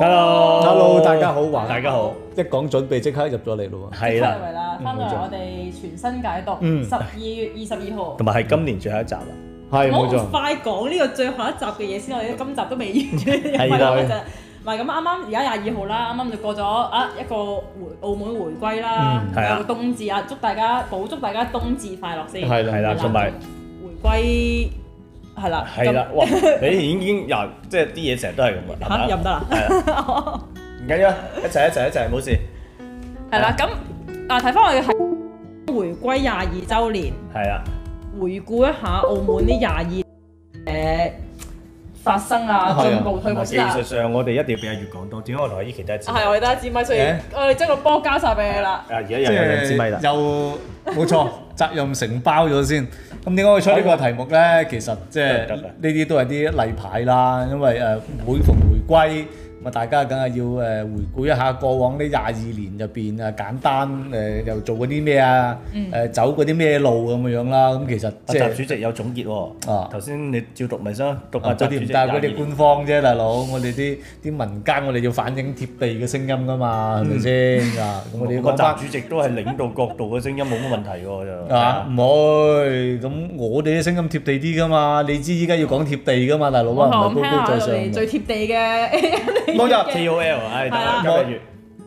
Hello，Hello，大家好，大家好。一講準備即刻入咗嚟咯喎，係啦，翻嚟啦，翻嚟我哋傳新解毒，十二月二十二號，同埋係今年最後一集啦，係冇錯，我唔快講呢個最後一集嘅嘢先，我哋今集都未完嘅，係啦，唔係咁啱啱而家廿二號啦，啱啱就過咗啊一個回澳門回歸啦，有個冬至啊，祝大家補祝大家冬至快樂先，係啦係啦，同埋回歸。係啦，係啦， 哇！你已經又即係啲嘢成日都係咁嘅嚇，又唔得啦，係啦，唔了 緊要，一齊一齊一齊，冇事。係啦了，咁啊睇翻我哋係回歸廿二周年，係啊了，回顧一下澳門啲廿二誒。發生啊，啊進步退步啦、啊。技術上，我哋一定要俾阿月講多。點解我同阿依琪得一支，係、啊啊、我哋得一支咪所以我我，我哋將個波交晒俾你啦。啊！而家、呃、又有兩支咪啦，又冇錯， 責任承包咗先。咁點解會出呢個題目咧？ 其實即係呢啲都係啲例牌啦，因為誒、呃、每逢回歸，我大家梗係要誒回顧一下過往呢廿二年入邊，啊簡單誒又做過啲咩啊，誒走嗰啲咩路，咁樣啦。咁其實即係主席有總結喎，啊頭先你照讀咪先讀啊！我哋唔帶嗰啲官方啫，大佬，我哋啲啲民間，我哋要反映貼地嘅聲音㗎嘛，係咪先啊？我哋個習主席都係領導角度嘅聲音，冇乜問題喎，又啊唔會，咁我哋啲聲音貼地啲㗎嘛，你知依家要講貼地㗎嘛，大佬啊，唔好高高在上。我可唔可以聽下就係最貼地嘅？冇錯，K O L，唉，九個月。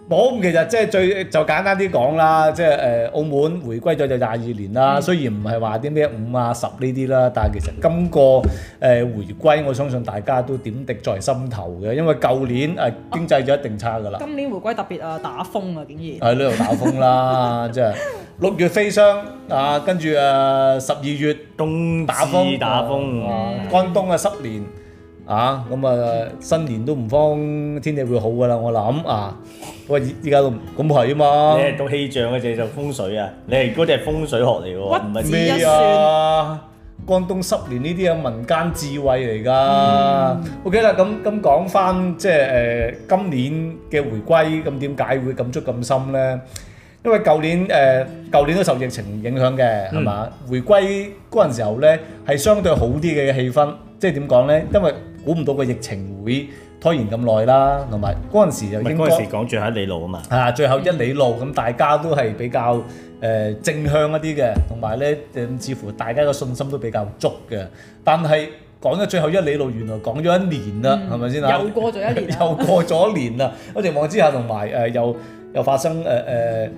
冇，其實即係最就簡單啲講啦，即係誒澳門回歸咗就廿二年啦。雖然唔係話啲咩五啊十呢啲啦，但係其實今個誒回歸，我相信大家都點滴在心頭嘅。因為舊年誒經濟就一定差噶啦。今年回歸特別啊打風啊，竟然，喺呢度打風啦，即係六月飛霜啊，跟住誒十二月冬打風，打風，乾冬啊濕年。啊，咁啊，新年都唔慌，天氣會好噶啦，我諗啊，不過依依家都咁唔係啊嘛？你係做氣象嘅定做風水啊？你係嗰啲係風水學嚟喎，唔係咩啊？乾冬濕年呢啲係民間智慧嚟㗎。O K 啦，咁咁講翻即係誒今年嘅回歸，咁點解會感觸咁深咧？因為舊年誒舊年都受疫情影響嘅，係嘛？回歸嗰陣時候咧係相對好啲嘅氣氛，即係點講咧？因為估唔到個疫情會拖延咁耐啦，同埋嗰陣時就應該嗰陣時講最後一里路啊嘛，啊最後一里路咁大家都係比較誒、呃、正向一啲嘅，同埋咧似乎大家嘅信心都比較足嘅。但係講咗最後一里路，原來講咗一年啦，係咪先啊？又過咗一年，又過咗一年啦！咁情況之下同埋誒又又發生誒誒。呃呃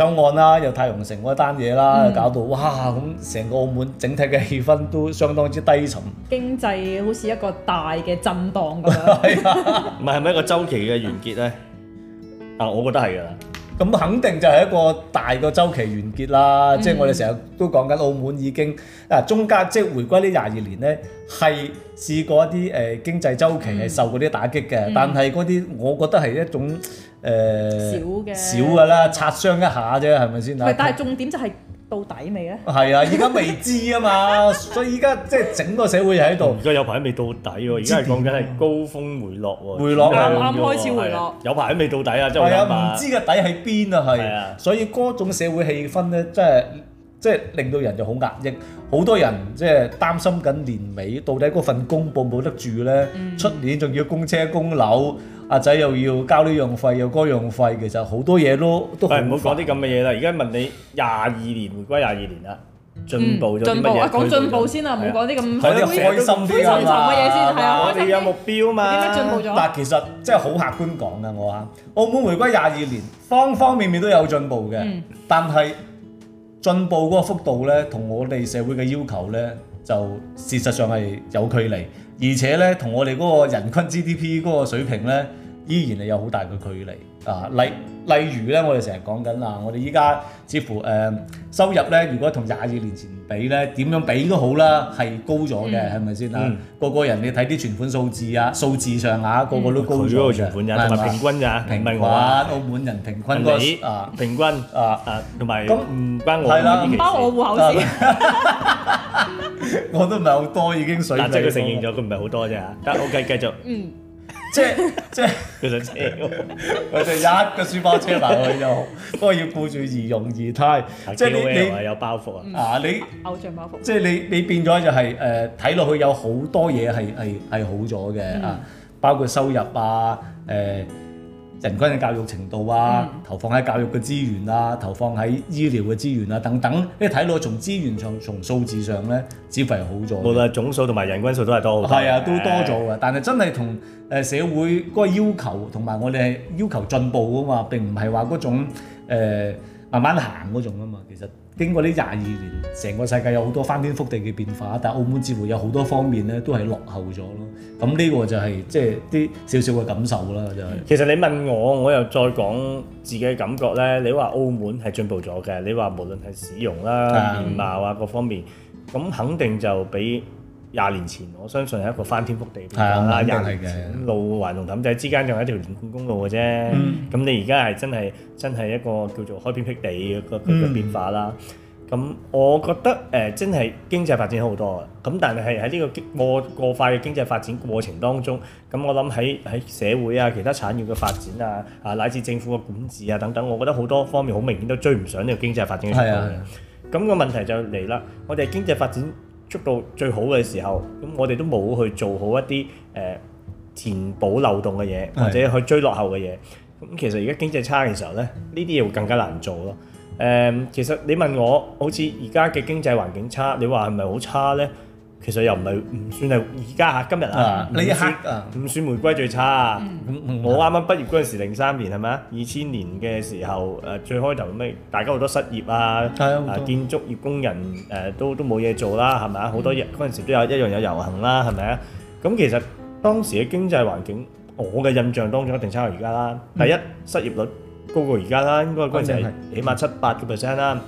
周案啦，又太陽城嗰單嘢啦，搞到哇咁成個澳門整體嘅氣氛都相當之低沉，經濟好似一個大嘅震盪咁。係 啊，唔係係咪一個周期嘅完結咧？啊，啊，我覺得係㗎。咁肯定就係一個大個周期完結啦。即係、嗯、我哋成日都講緊澳門已經啊，中間即係、就是、回歸呢廿二年咧，係試過一啲誒經濟周期係受嗰啲打擊嘅，嗯嗯、但係嗰啲我覺得係一種。誒少嘅少㗎啦，擦傷一下啫，係咪先啊？唔係，但係重點就係到底未啊？係啊，依家未知啊嘛，所以依家即係整個社會喺度，而家有排都未到底喎。而家係講緊係高峰回落，回落啱啱開始回落。有排都未到底啊！即係唔知個底喺邊啊？係，所以嗰種社會氣氛咧，即係即係令到人就好壓抑，好多人即係擔心緊年尾到底嗰份工保唔保得住咧，出年仲要供車供樓。阿仔又要交呢樣費，又嗰樣費，其實好多嘢都都係唔好講啲咁嘅嘢啦！而家問你廿二年回歸廿二年啦，進步咗啲乜嘢？講、嗯、進，進步先啦，唔、啊、好講啲咁灰心嘅嘢先。啊，我哋有目標嘛？點解進步咗？但其實即係好客觀講啊。我話澳門回歸廿二年，方方面面都有進步嘅，嗯、但係進步嗰個幅度咧，同我哋社會嘅要求咧，就事實上係有距離。而且呢，同我哋嗰個人均 GDP 嗰個水平呢，依然係有好大嘅距離啊！例、uh, like. 例如咧，我哋成日講緊啦，我哋依家似乎誒收入咧，如果同廿二年前比咧，點樣比都好啦，係高咗嘅，係咪先啊？個個人你睇啲存款數字啊，數字上啊個個都高咗，存款嘅係咪平均㗎？平均，澳門人平均嗰個啊，平均啊啊，同埋都唔關我嘅。係啦，唔包我戶口先，我都唔係好多已經水。嗱，即係佢承認咗，佢唔係好多啫嚇。但係 OK，繼續。嗯。即係即係，佢陣車就，我就一個書包車嚟去又不過要顧住儀容儀態，即係 你、啊、你有包袱啊！啊，你偶像包袱，即係你你變咗就係、是、誒，睇、呃、落去有多好多嘢係係係好咗嘅啊，嗯、包括收入啊誒。呃人均嘅教育程度啊，嗯、投放喺教育嘅資源啊，投放喺醫療嘅資源啊等等，你睇落從資源上、從數字上咧，消費係好咗。無論總數同埋人均數都係多好多，係啊，都多咗嘅。但係真係同誒社會嗰個要求同埋我哋係要求進步啊嘛，並唔係話嗰種、呃慢慢行嗰種啊嘛，其實經過呢廿二年，成個世界有好多翻天覆地嘅變化，但係澳門似乎有好多方面咧都係落後咗咯。咁呢個就係即係啲少少嘅感受啦，就係。其實你問我，我又再講自己嘅感覺咧。你話澳門係進步咗嘅，你話無論係市容啦、面貌啊各方面，咁肯定就比廿年前，我相信係一個翻天覆地。係啊、嗯，廿、嗯、年前路環同氹仔之間仲有一條連貫公路嘅啫。咁、嗯、你而家係真係真係一個叫做開天闢地嘅個變化啦。咁、嗯、我覺得誒、呃、真係經濟發展好多啊。咁但係喺呢個過過快嘅經濟發展過程當中，咁我諗喺喺社會啊、其他產業嘅發展啊、啊乃至政府嘅管治啊等等，我覺得好多方面好明顯都追唔上呢個經濟發展嘅速度。咁個問題就嚟啦，我哋經濟發展。捉到最好嘅時候，咁我哋都冇去做好一啲誒、呃、填補漏洞嘅嘢，或者去追落後嘅嘢。咁其實而家經濟差嘅時候咧，呢啲嘢會更加難做咯。誒、呃，其實你問我，好似而家嘅經濟環境差，你話係咪好差咧？其實又唔係唔算係而家嚇，今日啊，呢一刻唔算回歸最差。我啱啱畢業嗰陣時，零三年係咪啊？二千年嘅時候，誒最開頭咩？大家好多失業啊，係啊，建築業工人誒都都冇嘢做啦，係咪啊？好多日嗰陣時都有一樣有遊行啦，係咪啊？咁其實當時嘅經濟環境，我嘅印象當中一定差過而家啦。第一失業率高過而家啦，應該嗰陣時係起碼七八個 percent 啦。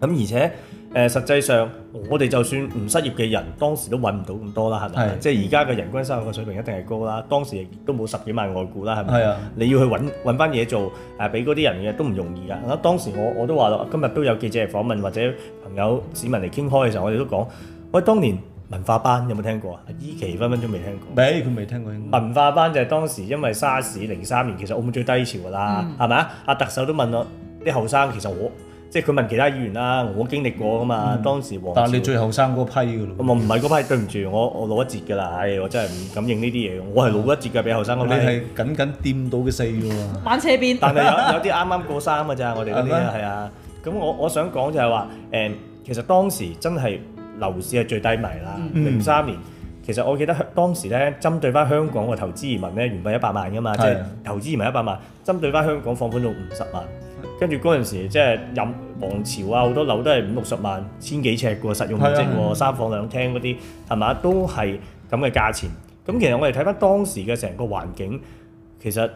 咁而且誒，實際上我哋就算唔失業嘅人，當時都揾唔到咁多啦，係咪？是的 即係而家嘅人均生活嘅水平一定係高啦，當時亦都冇十幾萬外僱啦，係咪？是的 你要去揾揾翻嘢做，誒、啊，俾嗰啲人嘅都唔容易噶。當時我我都話咯，今日都有記者嚟訪問或者朋友市民嚟傾開嘅時候，我哋都講，喂，當年文化班有冇聽過啊？依期分分鐘未聽過。唔佢未聽過,聽過文,文化班就係當時因為沙士，零三年，其實澳門最低潮啦，係咪啊？阿特首都問我啲後生，其實我。即係佢問其他議員啦，啊，我經歷過噶嘛，嗯，當時黃，但係你最後生嗰批㗎啦，我唔係嗰批，對唔住，我我老一截㗎啦，唉，我真係唔敢認呢啲嘢，我係老一截㗎，比後生嗰批，你係僅僅掂到嘅四喎，啊，板車邊， 但係有有啲啱啱過三㗎咋，我哋嗰啲啊，係啊，咁我我想講就係話，誒，其實當時真係樓市係最低迷啦，零三，嗯，年，其實我記得香當時咧，針對翻香港嘅投資移民咧，原本一百萬㗎嘛，即係是，啊，投資移民一百萬，針對翻香港放款到五十萬。跟住嗰陣時，即係任皇朝啊，好多樓都係五六十萬、千幾尺嘅喎，實用面積喎，三房兩廳嗰啲係嘛，都係咁嘅價錢。咁其實我哋睇翻當時嘅成個環境，其實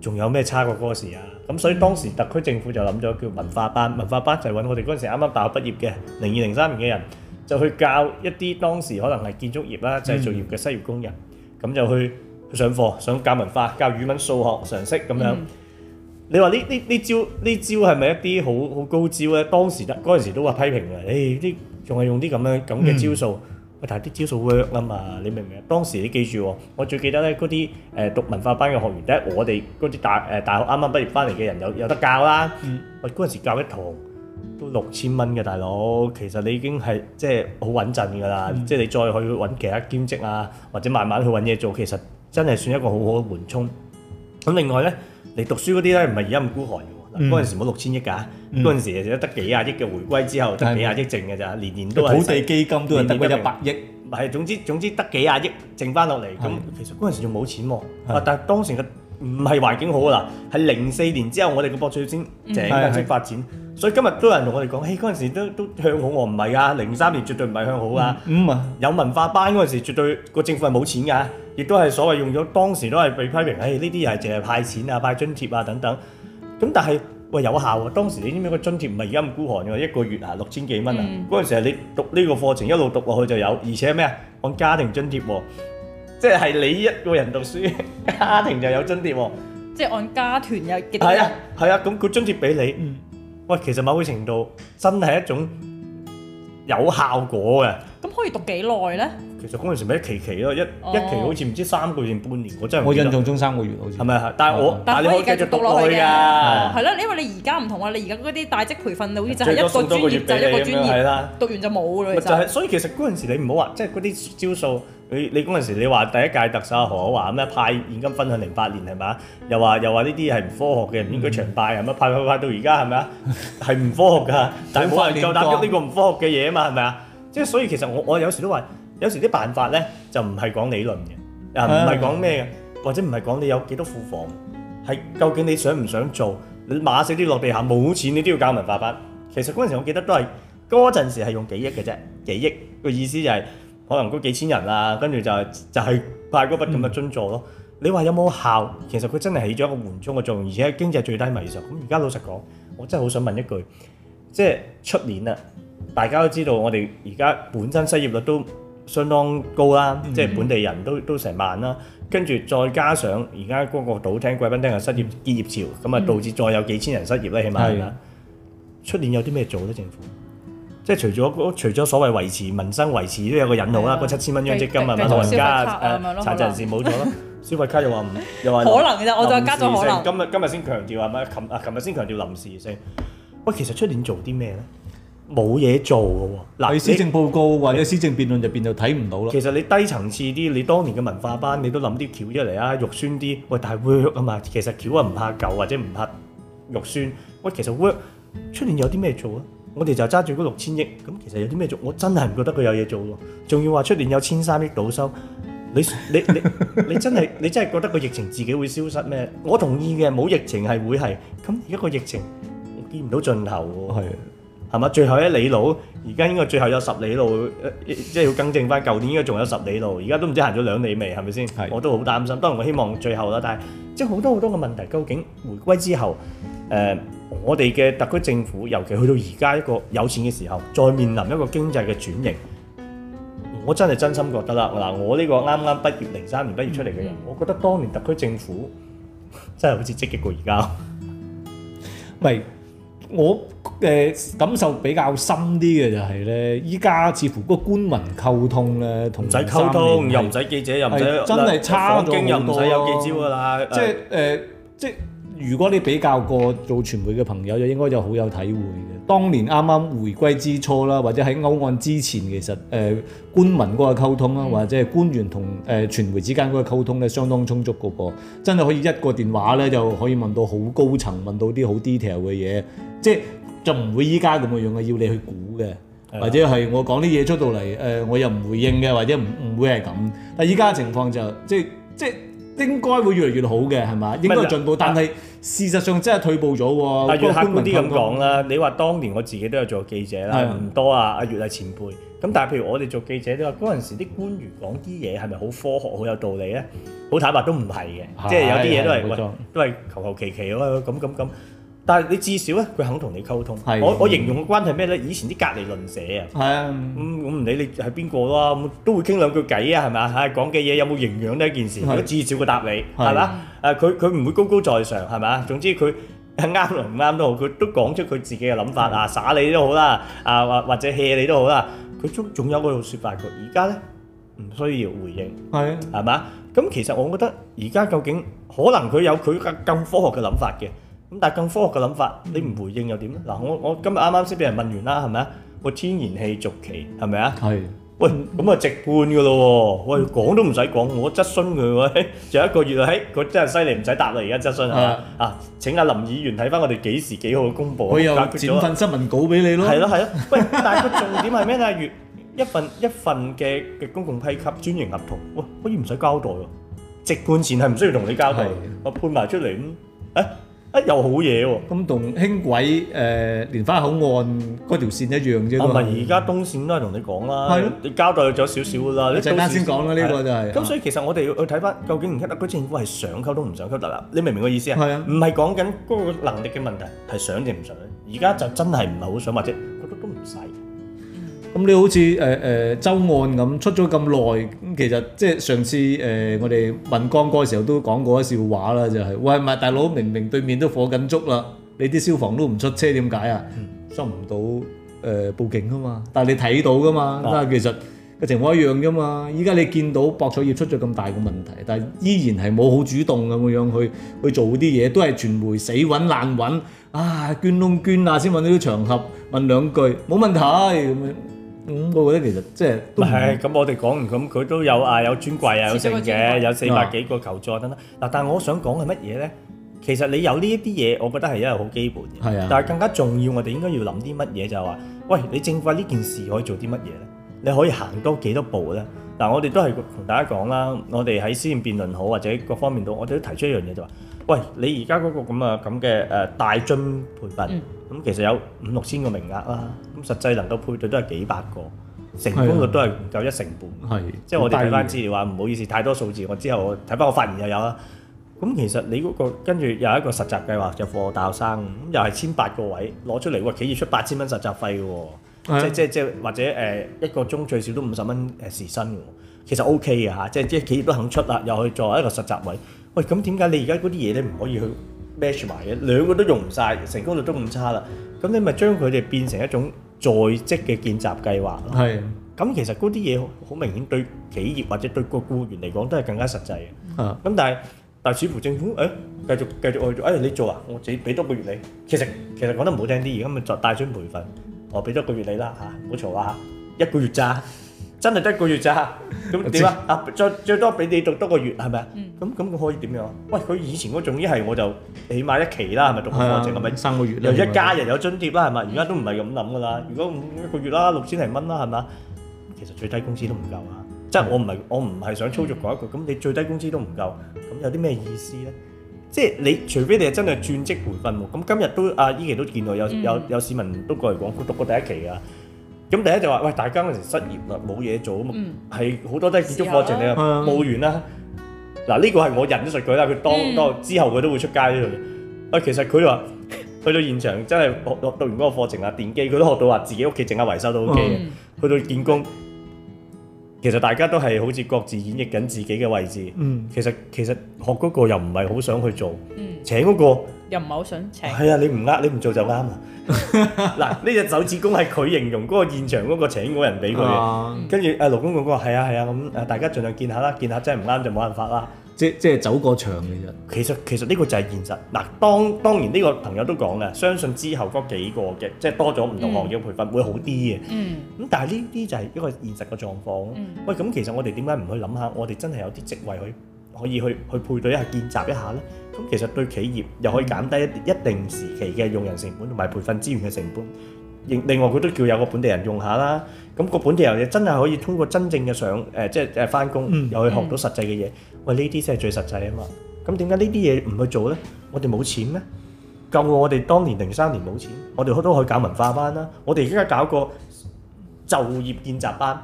仲有咩差過嗰時啊？咁所以當時特區政府就諗咗叫文化班，文化班就係揾我哋嗰陣時啱啱大學畢業嘅零二零三年嘅人，就去教一啲當時可能係建築業啦、製造業嘅失業工人，咁就去去上課，想教文化、教語文、數學、常識咁樣。你話呢呢呢招呢招係咪一啲好好高招咧？當時得嗰陣時都話批評嘅，誒啲仲係用啲咁樣咁嘅招數。喂、嗯，但係啲招數 work 啊嘛，你明唔明啊？當時你記住，我最記得咧嗰啲誒讀文化班嘅學員，第一我哋嗰啲大誒、呃、大學啱啱畢業翻嚟嘅人有有得教啦。喂、嗯，嗰陣時教一堂都六千蚊㗎大佬，其實你已經係即係好穩陣㗎啦。嗯、即係你再去揾其他兼職啊，或者慢慢去揾嘢做，其實真係算一個好好嘅緩衝。咁另外咧。你讀書嗰啲咧，唔係而家咁孤寒嘅喎。嗰陣時冇六千億㗎，嗰陣時得幾廿億嘅回歸之後，得幾廿億剩㗎咋，年年都係土地基金都係得一百億。係，總之總之得幾廿億剩翻落嚟。咁其實嗰陣時仲冇錢喎。啊，但係當時嘅唔係環境好啊啦。係零四年之後，我哋個博彩先正規化發展。所以今日都有人同我哋講，誒嗰陣時都都向好喎，唔係啊，零三年絕對唔係向好啊。五啊，有文化班嗰陣時，絕對個政府係冇錢㗎。亦都係所謂用咗當時都係被批評，唉呢啲係淨係派錢啊、派津貼啊等等。咁但係喂有效喎、啊，當時你知唔知個津貼唔係而家咁孤寒嘅？一個月啊六千幾蚊啊，嗰陣、嗯、時你讀呢個課程一路讀落去就有，而且咩啊按家庭津貼、啊，即係係你一個人讀書，家庭就有津貼、啊，即係按家團有。係啊係啊，咁個、啊、津貼俾你。嗯，喂，其實某個程度真係一種有效果嘅。咁可以讀幾耐咧？其實嗰陣時咪一期期咯，一一期好似唔知三個月定半年，我真係我印象中三個月好似。係咪？但係我但係你可以繼續讀落去嘅。係啦，因為你而家唔同啊，你而家嗰啲大職培訓好似就一個專業就一個專業，讀完就冇噶啦。就係所以其實嗰陣時你唔好話，即係嗰啲招數，你你嗰陣時你話第一屆特首何厚鏵咩派現金分享零八年係咪？又話又話呢啲係唔科學嘅，唔應該長派，係咪派派派到而家係咪啊？係唔科學㗎？但係冇人夠膽講呢個唔科學嘅嘢啊嘛，係咪啊？即係所以其實我我有時都話。有時啲辦法咧就唔係講理論嘅，啊唔係講咩嘅，或者唔係講你有幾多庫房，係究竟你想唔想做？你馬死啲落地下，冇錢，你都要搞文化班。其實嗰陣時我記得都係嗰陣時係用幾億嘅啫，幾億、個意思就係、是、可能嗰幾千人啦，跟住就係、是、就係派嗰筆咁嘅捐助咯。你話有冇效？其實佢真係起咗一個緩衝嘅作用，而且經濟最低迷時候。咁而家老實講，我真係好想問一句，即係出年啦，大家都知道我哋而家本身失業率都～相當高啦，即係本地人都都成萬啦，跟住再加上而家嗰個賭廳、貴賓廳嘅失業、結業潮，咁啊導致再有幾千人失業咧，起碼出年有啲咩做咧？政府即係除咗嗰除咗所謂維持民生、維持都有個引號啦，嗰七千蚊央積金啊，同老人家誒殘疾人士冇咗咯，消費卡又話唔又話可能啫，我又加咗可能。今日今日先強調，係咪琴啊琴日先強調臨時性。喂，其實出年做啲咩咧？冇嘢做嘅喎，嗱，施政報告或者施你政辯論入邊就睇唔到咯。其實你低層次啲，你當年嘅文化班，你都諗啲橋出嚟啊，肉酸啲喂，但係 work 啊嘛，其實橋啊唔怕舊或者唔怕肉酸，喂，其實 work 出年有啲咩做啊？我哋就揸住嗰六千億，咁其實有啲咩做？我真係唔覺得佢有嘢做喎，仲要話出年有千三億倒收，你你你你，你真係你真係覺得個疫情自己會消失咩？我同意嘅，冇疫情係會係，咁而家個疫情見唔到盡頭喎。係。係嘛？最後一里路，而家應該最後有十里路，即係要更正翻。舊年應該仲有十里路，而家都唔知行咗兩里未，係咪先？是我都好擔心。當然我希望最後啦，但係即係好多好多嘅問題，究竟回歸之後，誒、呃，我哋嘅特區政府，尤其去到而家一個有錢嘅時候，再面臨一個經濟嘅轉型，我真係真心覺得啦。嗱，我呢個啱啱畢業零三年畢業出嚟嘅人，嗯、我覺得當年特區政府真係好似積極過而家。唔係 我。誒、感受比較深啲嘅就係咧，依家似乎個官民溝通咧，同唔使溝通，又唔使記者，又唔使真係差勁，又唔使有幾招噶啦。即係誒，即係如果你比較過做傳媒嘅朋友，就應該就好有體會嘅。當年啱啱回歸之初啦，或者喺歐案之前，其實誒官民嗰個溝通啦，或者係官員同誒傳媒之間嗰個溝通咧，相當充足㗎噃。真係可以一個電話咧就可以問到好高層，問到啲好 detail 嘅嘢，即係。就唔會依家咁嘅樣嘅，要你去估嘅的、呃，或者係我講啲嘢出到嚟，誒我又唔回應嘅，或者唔唔會係咁。但係依家嘅情況就即係即係應該會越嚟越好嘅，係嘛？應該進步，但係事實上真係退步咗喎。嗰個觀點咁講啦，你話當年我自己都有做記者啦，唔的多啊，阿月係前輩。咁但係譬如我哋做記者都話，嗰陣時啲官員講啲嘢係咪好科學、好有道理咧？好坦白都唔係嘅，即係的有啲嘢都係喂，錯都係求求其其啊咁咁咁。啊啊啊啊啊啊啊啊但係你至少咧，佢肯同你溝通。的我我形容嘅關係咩咧？以前啲隔離鄰舍啊，咁的、嗯、我唔理你係邊個啦，都會傾兩句偈啊，係嘛？係講嘅嘢有冇營養呢一件事。至少佢答你係嘛？誒佢佢唔會高高在上係嘛？總之佢啱都好，唔啱都好，佢都講出佢自己嘅諗法啊，耍你都好啦，啊或或者 hea 你都好啦，佢仲仲有個説法，佢而家咧唔需要回應，係嘛的？咁其實我覺得而家究竟可能佢有佢嘅更科學嘅諗法嘅。咁但係更科學嘅諗法，你唔回應又點咧？嗱，我我今日啱啱先俾人問完啦，係咪啊？個天然氣續期係咪啊？係。喂，咁啊直判噶咯喎！喂，講都唔使講，我質詢佢喂，仲有一個月啊，誒，佢真係犀利，唔使答啦，而家質詢嚇啊！請阿林議員睇翻我哋幾時幾號公佈啊？佢又剪份新聞稿俾你咯。係咯係咯，喂，但係個重點係咩咧？月一份一份嘅嘅公共批給專營合同，喂，可以唔使交代喎？直判前係唔需要同你交代，我判埋出嚟咁，誒？一又好嘢喎、啊，咁同輕軌誒蓮花口岸嗰條線一樣啫同埋而家、啊、東線都係同你講啦、啊，嗎你交代咗少少啦。陣間先講啦，呢、啊、個就係、是。咁、啊、所以其實我哋要去睇翻，究竟而家嗰政府係想溝都唔想溝得啦。你明唔明我意思啊？係啊，唔係講緊嗰個能力嘅問題，係想定唔想。而家就真係唔係好想或者覺得都唔使。咁、嗯、你好似誒誒周案咁出咗咁耐，咁其實即係上次誒、呃、我哋問江哥嘅時候都講過一笑話啦，就係、是、喂，麥大佬，明明對面都火緊燭啦，你啲消防都唔出車點解啊？嗯、收唔到誒、呃、報警啊嘛，但係你睇到噶嘛，啊，其實個情況一樣噶嘛。依家你見到博彩業出咗咁大嘅問題，但係依然係冇好主動咁樣去去做啲嘢，都係傳媒死揾爛揾啊，捐窿捐啊先揾到啲場合問兩句冇問題咁樣。嗯，我覺其實即係唔係咁，我哋講完咁，佢都有啊，有專櫃啊，有剩嘅，有四百幾個求助等等。嗱，但係我想講係乜嘢咧？其實你有呢一啲嘢，我覺得係因為好基本嘅。係啊。但係更加重要，我哋應該要諗啲乜嘢就係、是、話，喂，你政府呢件事可以做啲乜嘢咧？你可以行多幾多步咧？嗱、嗯，我哋都係同大家講啦，我哋喺思辨辯論好，或者各方面度，我哋都提出一樣嘢就話，喂，你而家嗰個咁啊咁嘅誒大樽培訓。咁其實有五六千個名額啦，咁實際能夠配對都係幾百個，成功率都係唔夠一成半。係的，即係我哋睇翻資料話，唔的好意思，太多數字。我之後睇翻我發現又有啦。咁其實你嗰、嗰個跟住又一個實習計劃就課大學生，咁又係千八個位攞出嚟，話企業出八千蚊實習費喎的，即係即係或者誒一個鐘最少都五十蚊誒時薪喎，其實 O K 嘅嚇，即係啲企業都肯出啦，又去作為一個實習位。喂，咁點解你而家嗰啲嘢你唔可以去？batch 埋嘅兩個都用唔晒，成功率都咁差啦，咁你咪將佢哋變成一種在職嘅建習計劃咯。係的，咁其實嗰啲嘢好明顯對企業或者對個僱員嚟講都係更加實際嘅。咁的但係但係似乎政府誒、欸、繼續繼續去做，誒、欸、你做啊，我自己俾多個月你。其實其實講得唔好聽啲，而家咪就帶薪培訓，我俾多個月你啦嚇，冇嘈啦嚇，一個月咋。真係得一個月咋？咁點啊？啊，再最多俾你讀多個月係咪啊？咁咁、嗯、佢可以點樣？喂，佢以前嗰種依係我就起碼一期啦，係咪讀個課程係咪三個月咧？嗯嗯又，又有一家人有津貼啦，係咪？而家都唔係咁諗噶啦。如果一個月啦，六千零蚊啦，係咪？其實最低工資都唔夠啊！即係、嗯、我唔係我唔係想操作嗰一個。咁你最低工資都唔夠，咁有啲咩意思咧？即係你除非你係真係轉職培訓喎。咁今日都阿依期都見到有有有市民都過嚟講，讀過第一期啊。啊啊啊啊啊啊咁第一就話、是，喂，大家嗰陣時失業啦，冇嘢做啊嘛，係好、嗯、多都係建築課程，嚟呀，報完啦。嗱、嗯，呢個係我引述佢啦，佢當當、嗯、之後佢都會出街呢度。啊，其實佢話、嗯、去到現場真係學讀完嗰個課程啊，電機佢都學到話自己屋企整下維修都 OK 嘅。嗯、去到建工。其實大家都係好似各自演繹緊自己嘅位置。嗯、其，其實其實學嗰個又唔係好想去做。嗯，請嗰、嗰個又唔係好想請。係啊、哎，你唔呃你唔做就啱 啦。嗱，呢隻手指公係佢形容嗰個現場嗰個請嗰人俾佢。跟住阿勞工哥哥話：係啊係啊咁，嗯、大家盡量見下啦，見下真係唔啱就冇辦法啦。即即係走過場嘅啫。其實其實呢個就係現實。嗱，當當然呢個朋友都講啦，相信之後嗰幾個嘅即係多咗唔同行業嘅培訓會好啲嘅。嗯。咁但係呢啲就係一個現實嘅狀況。嗯。喂，咁其實我哋點解唔去諗下？我哋真係有啲職位去可以去可以去，去配對一下、見習一下呢？咁其實對企業又可以減低一一定時期嘅用人成本同埋培訓資源嘅成本。另另外佢都叫有個本地人用下啦。咁個本地人嘅真係可以通過真正嘅上，誒、呃、即係誒翻工，嗯、又去學到實際嘅嘢。嗯、喂，呢啲先係最實際啊嘛！咁點解呢啲嘢唔去做咧？我哋冇錢咩？夠我哋當年零三年冇錢，我哋都可以搞文化班啦。我哋而家搞個就業見習班，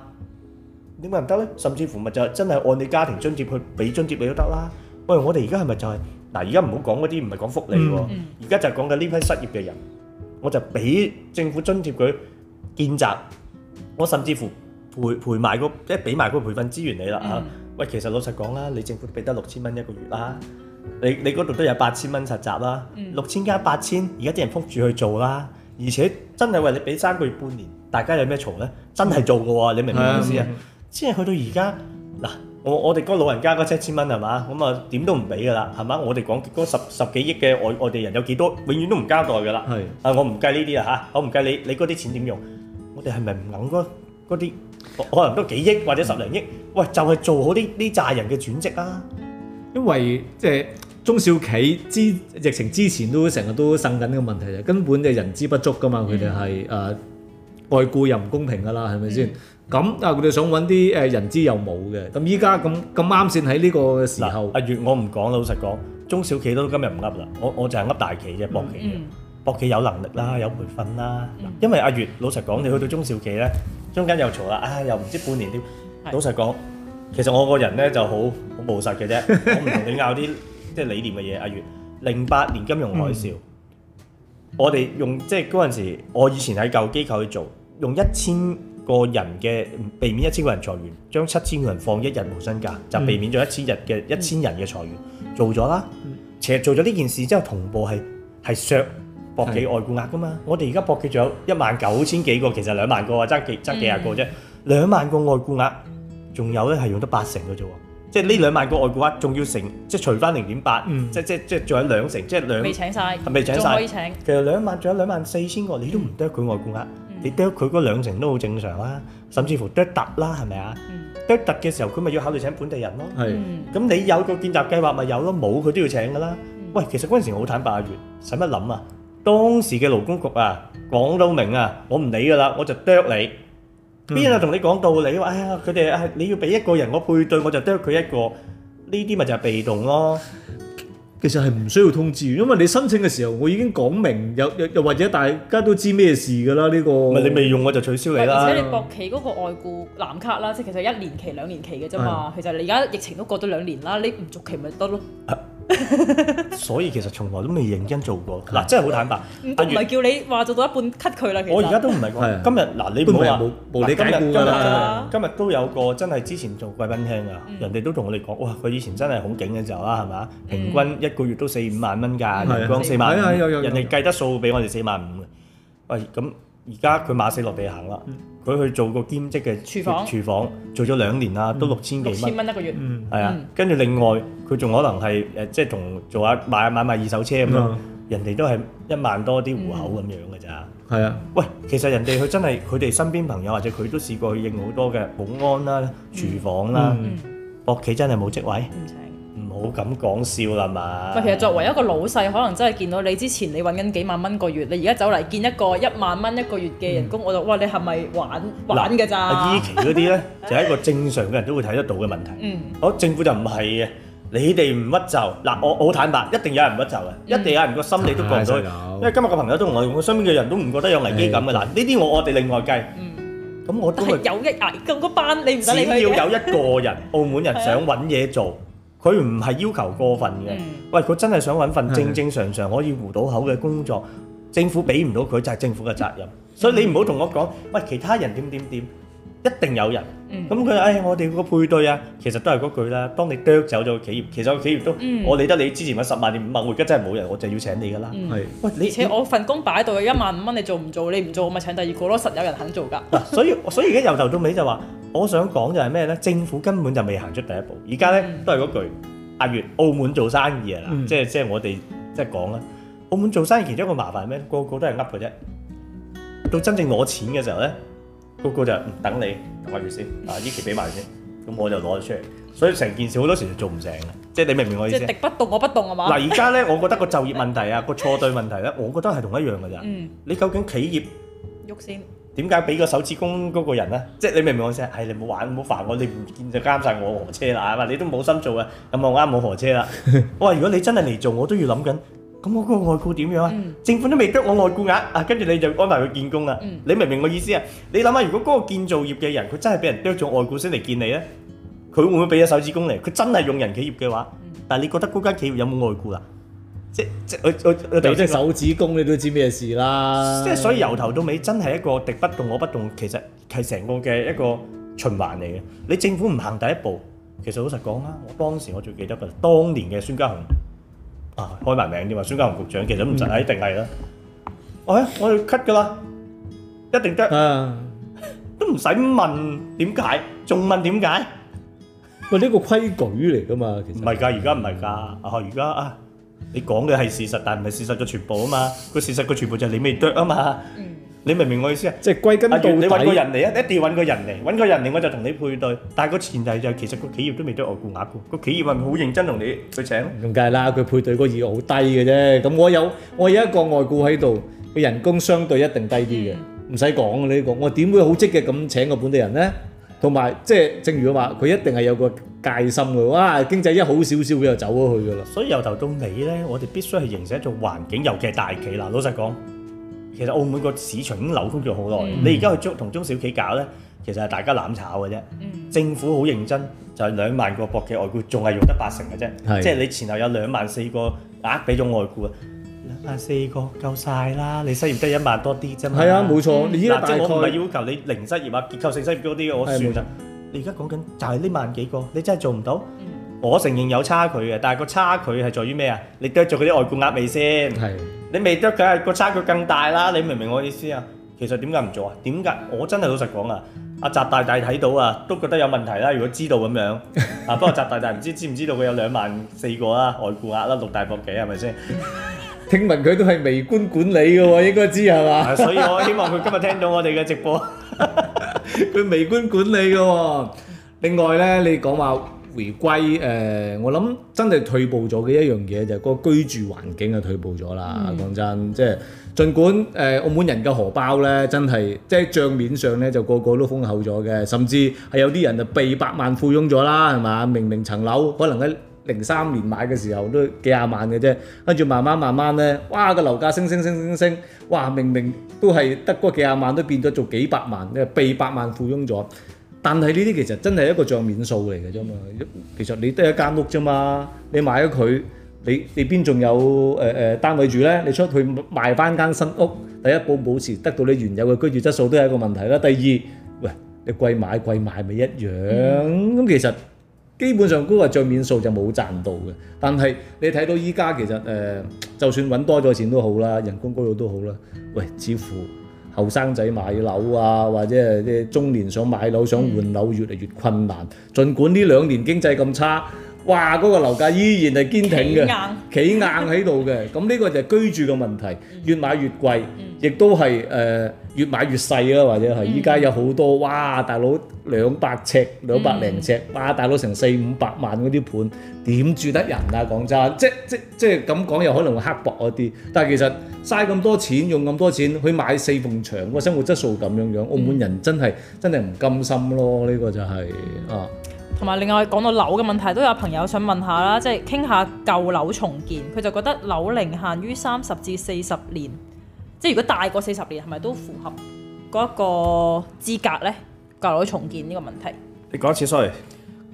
點解唔得咧？甚至乎咪就真係按你家庭津貼去俾津貼你都得啦。喂，我哋而家係咪就係、是、嗱？而家唔好講嗰啲，唔係講福利喎、啊。而家、嗯嗯、就係講緊呢批失業嘅人，我就俾政府津貼佢見習。我甚至乎陪陪埋個即係俾埋個培訓資源你啦嚇。喂、嗯，其實老實講啦，你政府俾得六千蚊一個月啦，你你嗰度都有八千蚊實習啦，六千加八千，而家啲人覆住去做啦。而且真係話你俾三個月半年，大家有咩嘈咧？真係做嘅喎，你明唔明意思啊？即係去到而家嗱，我我哋嗰老人家嗰七千蚊係嘛？咁啊點都唔俾嘅啦係嘛？我哋講十十幾億嘅外外地人有幾多，永遠都唔交代嘅啦。係的啊，我唔計呢啲啊嚇，我唔計你你嗰啲錢點用。你係咪唔諗嗰嗰啲可能都幾億或者十零億？喂，就係做好啲啲債人嘅轉職啊！因為即係中小企之疫情之前都成日都呻緊呢個問題，就根本就人資不足噶嘛。佢哋係誒外雇又唔公平噶啦，係咪先？咁啊，佢哋想揾啲誒人資又冇嘅。咁依家咁咁啱先喺呢個時候。阿月，我唔講啦，老實講，中小企都今日唔噏啦。我我就係噏大企啫，博企嘅。博企有能力啦，有培訓啦。因為阿月老實講，你去到中小企咧，中間又嘈啦，唉、哎，又唔知半年點。是的 老實講，其實我個人咧就好好務實嘅啫， 我唔同你拗啲即係理念嘅嘢。阿月，零八年金融海嘯，嗯、我哋用即係嗰陣時，我以前喺舊機構去做，用一千個人嘅避免一千個人裁員，將七千個人放一日冇薪假，就避免咗一千日嘅一千人嘅裁員，做咗啦。其實做咗呢件事之後，同步係係削。博企外雇額㗎嘛？我哋而家博企仲有一萬九千幾個，其實兩萬個啊，爭幾爭幾廿個啫。兩、mm. 萬個外雇額，仲有咧係用得八成嘅啫喎，即係呢兩萬個外雇額，仲要成，即係除翻零點八，即即即仲有兩成，即係兩未請曬，仲可以請。其實兩萬仲有兩萬四千個，你都唔得佢外雇額，mm. 你得佢嗰兩成都好正常啦、啊。甚至乎得特啦，係咪啊？Mm. 得特嘅時候，佢咪要考慮請本地人咯。咁、mm. 你有個見習計劃咪有咯，冇佢都要請㗎啦。喂、mm. 欸，其實嗰陣時好坦白，阿月使乜諗啊？當時嘅勞工局啊，講到明啊，我唔理噶啦，我就啄你。邊有人同你講道理？哎呀，佢哋啊，你要俾一個人我配對，我就啄佢一個。呢啲咪就係被動咯。其實係唔需要通知，因為你申請嘅時候，我已經講明，又又又或者大家都知咩事噶啦。呢個咪你未用我就取消你啦。而且你博企嗰個外雇藍卡啦，即係其實一年期兩年期嘅啫嘛。其實你而家疫情都過咗兩年啦，你唔續期咪得咯。所以其實從來都未認真做過，嗱，真係好坦白。唔係叫你話做到一半 cut 佢啦，其實。我而家都唔係講，今日嗱，你唔好話冇冇你解雇啦。今日今日都有個真係之前做貴賓廳啊，人哋都同我哋講，哇，佢以前真係好勁嘅時候啦，係嘛？平均一個月都四五萬蚊噶，講四萬，人哋計得數俾我哋四萬五。喂，咁而家佢馬死落地行啦。佢去做個兼職嘅廚房，做咗兩年啦，都六千幾蚊一個月，係啊。跟住另外佢仲可能係誒，即係同做下買買賣二手車咁樣。人哋都係一萬多啲戶口咁樣嘅咋。係啊。喂，其實人哋佢真係佢哋身邊朋友或者佢都試過去應好多嘅保安啦、廚房啦、屋企真係冇職位。冇咁講笑啦嘛！唔係，其實作為一個老細，可能真係見到你之前，你揾緊幾萬蚊個月，你而家走嚟見一個一萬蚊一個月嘅人工，我就哇，你係咪玩玩嘅咋？依期嗰啲咧，就係一個正常嘅人都會睇得到嘅問題。嗯，好，政府就唔係嘅，你哋唔屈就。嗱，我好坦白，一定有人唔屈就嘅，一定有人個心理都過唔到，因為今日個朋友都同我講，我身邊嘅人都唔覺得有危機感嘅。嗱，呢啲我我哋另外計。嗯，咁我都係有一個班，你唔使理佢。只要有一個人，澳門人想揾嘢做。佢唔係要求過分嘅，喂，佢真係想揾份正正常常可以糊到口嘅工作，政府俾唔到佢就係政府嘅責任。所以你唔好同我講，喂，其他人點點點，一定有人。咁佢，唉，我哋個配對啊，其實都係嗰句啦，當你啄走咗企業，其實個企業都我理得你之前揾十萬定五萬，我而家真係冇人，我就要請你噶啦。係，喂，而且我份工擺喺度，有一萬五蚊你做唔做？你唔做我咪請第二個咯，實有人肯做㗎。嗱，所以所以而家由頭到尾就話。我想講就係咩咧？政府根本就未行出第一步。而家咧都係嗰句阿月，澳門做生意啊，嗯、即係即係我哋即係講啦。澳門做生意其中一個麻煩咩？個個都係呃嘅啫。到真正攞錢嘅時候咧，個個就唔、嗯、等你等阿月先，啊呢期俾埋先，咁我就攞咗出嚟。所以成件事好多時就做唔成嘅。即係你明唔明我意思？即係敵不動我不動啊嘛？嗱，而家咧，我覺得個就業問題啊， 個錯對問題咧，我覺得係同一樣嘅咋。嗯、你究竟企業喐先？點解俾個手指公嗰個人咧？即係你明唔明我意思啊？係你唔好玩，唔好煩我，你唔見就監晒我河車啦，係嘛？你都冇心做啊，咁我啱冇河車啦。我話如果你真係嚟做，我都要諗緊，咁我嗰個外雇點樣啊？政府都未啄我外雇額啊，跟住你就安排佢見工啦。你明唔明我意思啊？你諗下如果嗰個建造業嘅人，佢真係俾人啄咗外雇先嚟見你咧，佢會唔會俾咗手指公嚟？佢真係用人企業嘅話，但係你覺得嗰間企業有冇外雇啊？即即佢佢佢有隻手指公，你都知咩事啦！即係所以由頭到尾真係一個敵不動我不動，其實係成個嘅一個循環嚟嘅。你政府唔行第一步，其實老實講啦，我當時我最記得嘅，當年嘅孫家雄啊，開埋名添啊，孫家雄局長其實唔實係，一定係啦。哎，我哋 cut 噶啦，一定得，都唔使問點解，仲問點解？喂，呢個規矩嚟噶嘛，其實唔係㗎，而家唔係㗎，啊，而家啊。你講嘅係事實，但唔係事實嘅全部啊嘛。個事實嘅全部就係你未剁啊嘛。你明唔明我意思啊？即係歸根到底，你揾個人嚟，一定要揾個人嚟，揾個人嚟，我就同你配對。但係個前提就其實個企業都未剁外雇額嘅。個企業係咪好認真同你去請？咁梗係啦，佢配對個意欲好低嘅啫。咁我有我有一個外雇喺度，個人工相對一定低啲嘅，唔使講啊呢個。我點會好積極咁請個本地人咧？同埋即係正如我話，佢一定係有個戒心嘅，哇！經濟一好少少，佢就走咗去噶啦。所以由頭到尾咧，我哋必須係形成一種環境，尤其係大企啦。老實講，其實澳門個市場已經扭曲咗好耐。你而家去中同中小企搞咧，其實係大家攬炒嘅啫。政府好認真，就係兩萬個博企外僱，仲係用得八成嘅啫。即係你前後有兩萬四個額俾咗外僱啊，兩萬四個夠曬啦。你失業得一萬多啲啫嘛。係啊，冇錯。嗱，即係我唔係要求你零失業啊，結構性失業多啲，我算啦。而家講緊就係呢萬幾個，你真係做唔到。我承認有差距嘅，但係個差距係在於咩啊？你剁咗嗰啲外顧額未先？你未剁佢，個差距更大啦！你明唔明我意思啊？其實點解唔做啊？點解我真係老實講啊？阿習大大睇到啊，都覺得有問題啦。如果知道咁樣啊，不過習大大唔知知唔知道佢有兩萬四個啦外顧額啦，六大博幾係咪先？聽聞佢都係微觀管理嘅喎，應該知係嘛？ 所以我希望佢今日聽到我哋嘅直播， 佢 微觀管理嘅喎。另外咧，你講話回歸誒、呃，我諗真係退步咗嘅一樣嘢就個居住環境就退步咗啦。講、嗯、真，即係儘管誒、呃、澳門人嘅荷包咧，真係即係帳面上咧就個個都豐厚咗嘅，甚至係有啲人就被百萬富翁咗啦，係嘛？明、明明層樓可能一零三年買嘅時候都幾廿萬嘅啫，跟住慢慢慢慢呢，哇個樓價升升升升升，哇明明都係得嗰幾廿萬都變咗做幾百萬，你係百萬富翁咗。但係呢啲其實真係一個帳面數嚟嘅啫嘛，其實你都係一間屋啫嘛，你買咗佢，你你邊仲有誒誒、呃、單位住呢？你出去買翻間新屋，第一保保持得到你原有嘅居住質素都係一個問題啦。第二，喂你貴買貴買咪一樣，咁、嗯、其實。基本上嗰個帳面數就冇賺到嘅，但係你睇到依家其實誒、呃，就算揾多咗錢都好啦，人工高咗都好啦。喂，似乎後生仔買樓啊，或者係中年想買樓想換樓越嚟越困難。嗯、儘管呢兩年經濟咁差，哇，嗰、嗰個樓價依然係堅挺嘅，企硬喺度嘅。咁呢 個就係居住嘅問題，越買越貴，亦都係誒。嗯越買越細啊，或者係依家有好多、嗯、哇！大佬兩百尺、兩百零尺，嗯、哇！大佬成四五百萬嗰啲盤，點住得人啊？講真，即即即咁講又可能會刻薄一啲，但係其實嘥咁多錢，用咁多錢去買四埲牆，個生活質素咁樣樣，澳門人真係、嗯、真係唔甘心咯。呢、這個就係、是、啊。同埋另外講到樓嘅問題，都有朋友想問下啦，即係傾下舊樓重建，佢就覺得樓齡限於三十至四十年。即係如果大過四十年係咪都符合嗰一個資格呢？舊樓重建呢個問題，你講一次 sorry。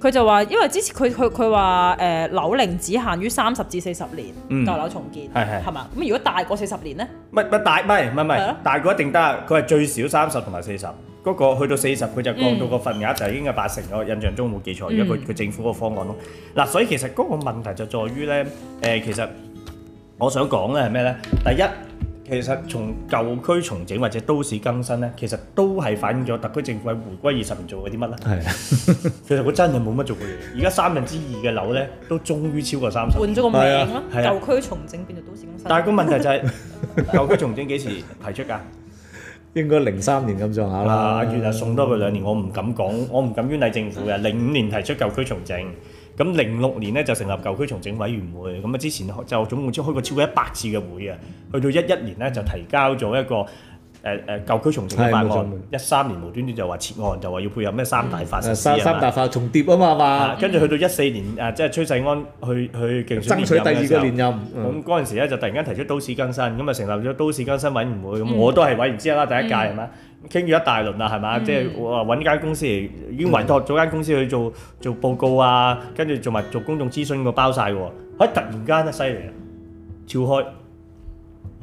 佢就話，因為之前佢佢佢話誒樓齡只限於三十至四十年，舊樓、嗯、重建係係係嘛？咁、嗯、如果大過四十年呢？唔係唔係大，唔係唔係唔係大，如果一定得，佢係最少三十同埋四十。嗰個去到四十，佢就降到個份額就已經係八成。我印象中冇記錯，依家佢佢政府個方案咯。嗱、啊，所以其實嗰個問題就在於呢。誒其實我想講咧係咩呢？第一。第一其實從舊區重整或者都市更新咧，其實都係反映咗特區政府喺回歸二十年做過啲乜啦。係，其實佢真係冇乜做過嘢。而家三分之二嘅樓咧，都終於超過三十。換咗個名咯，舊區重整變做都市更新。但係個問題就係舊區重整幾時提出㗎？應該零三年咁上下啦。原來啊，送多佢兩年，我唔敢講，我唔敢冤賴政府嘅。零五年提出舊區重整。咁零六年咧就成立舊區重整委員會，咁啊之前就總共開過超過一百次嘅會啊，去到一一年咧就提交咗一個誒誒舊區重整嘅方案，一三錯年無端端就話撤案，嗯、就話要配合咩三大法實三,三大法重疊啊嘛嘛，跟住去到一四年誒、嗯、即係崔世安去去競選連任嘅時候，爭取第二個連任，咁嗰陣時咧就突然間提出都市更新，咁啊成立咗都市更新委員會，咁、嗯、我都係委員之一啦，第一屆係嘛。嗯嗯傾咗一大輪啦，係嘛？嗯、即係話揾間公司嚟，已經委託咗間公司去做做報告啊，跟住做埋做公眾諮詢嘅，包晒喎。嚇、啊！突然間咧，犀利啊！跳開，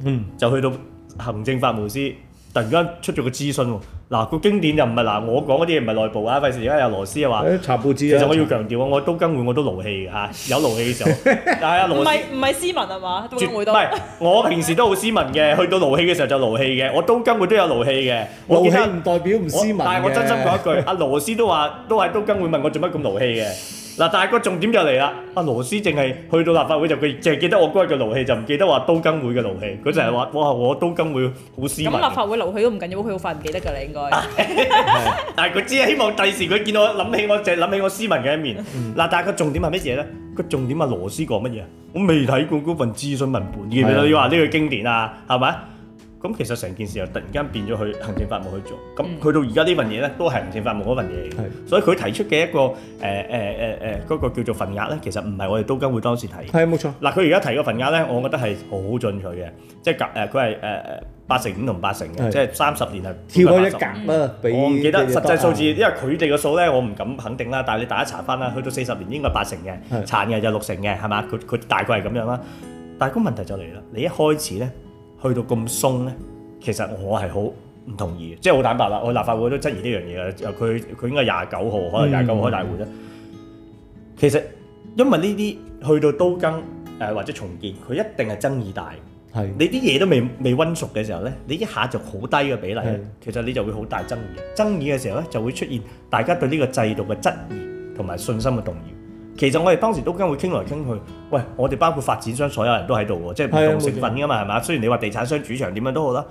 嗯，就去到行政法務司，突然間出咗個諮詢喎、啊。嗱，個經典就唔係嗱，我講嗰啲嘢唔係內部啊，費事而家有羅斯啊話，查其實我要強調啊，查我都跟換我都勞氣嘅嚇，有勞氣嘅時候， 但係阿羅，唔係唔係斯文啊嘛，都唔係，不 我平時都好斯文嘅，去到勞氣嘅時候就勞氣嘅，我都根本都有勞氣嘅，勞氣唔代表唔斯文，但係我真心講一句，阿 羅斯都話都係都跟換問我做乜咁勞氣嘅。嗱，但係個重點就嚟啦！阿羅斯淨係去到立法會就佢，淨係記得我嗰日嘅勞氣，就唔記得話都更會嘅勞氣。佢就係話，嗯、哇，我都更會好斯文。咁、嗯、立法會勞氣都唔緊要，佢好快唔記得㗎啦，你應該。 但係佢只係希望第時佢見到我，諗起我，淨係諗起我斯文嘅一面。嗱、嗯，但係個重點係乜嘢咧？個重點係羅斯講乜嘢？我未睇過嗰份諮詢文本，而你話呢句經典啊，係咪？咁其實成件事又突然間變咗去行政法務去做，咁佢、嗯、到而家呢份嘢咧，都係行政法務嗰份嘢嚟嘅。是所以佢提出嘅一個誒誒誒誒嗰個叫做份額咧，其實唔係我哋都更會當時提。係冇錯。嗱，佢而家提個份額咧，我覺得係好進取嘅，即係格佢係誒誒八成五同八成嘅，是即係三十年係跳開一格、嗯、比我唔記得實際數字，嗯、因為佢哋嘅數咧，我唔敢肯定啦。但係你大家查翻啦，去到四十年應該八成嘅，殘嘅就六成嘅，係嘛？佢佢大概係咁樣啦。但係個問題就嚟啦，你一開始咧。去到咁鬆呢，其實我係好唔同意，即係好坦白啦。我立法會都質疑呢樣嘢嘅，佢佢應該廿九號，可能廿九號開大會咧。嗯嗯、其實因為呢啲去到都更，誒、呃、或者重建，佢一定係爭議大。的你啲嘢都未未温熟嘅時候呢，你一下就好低嘅比例，的其實你就會好大爭議。爭議嘅時候呢，就會出現大家對呢個制度嘅質疑同埋信心嘅動搖。其實我哋當時都跟會傾來傾去，喂，我哋包括發展商所有人都喺度喎，即係唔同成分㗎嘛，係嘛的？吧雖然你話地產商主場點樣都好啦，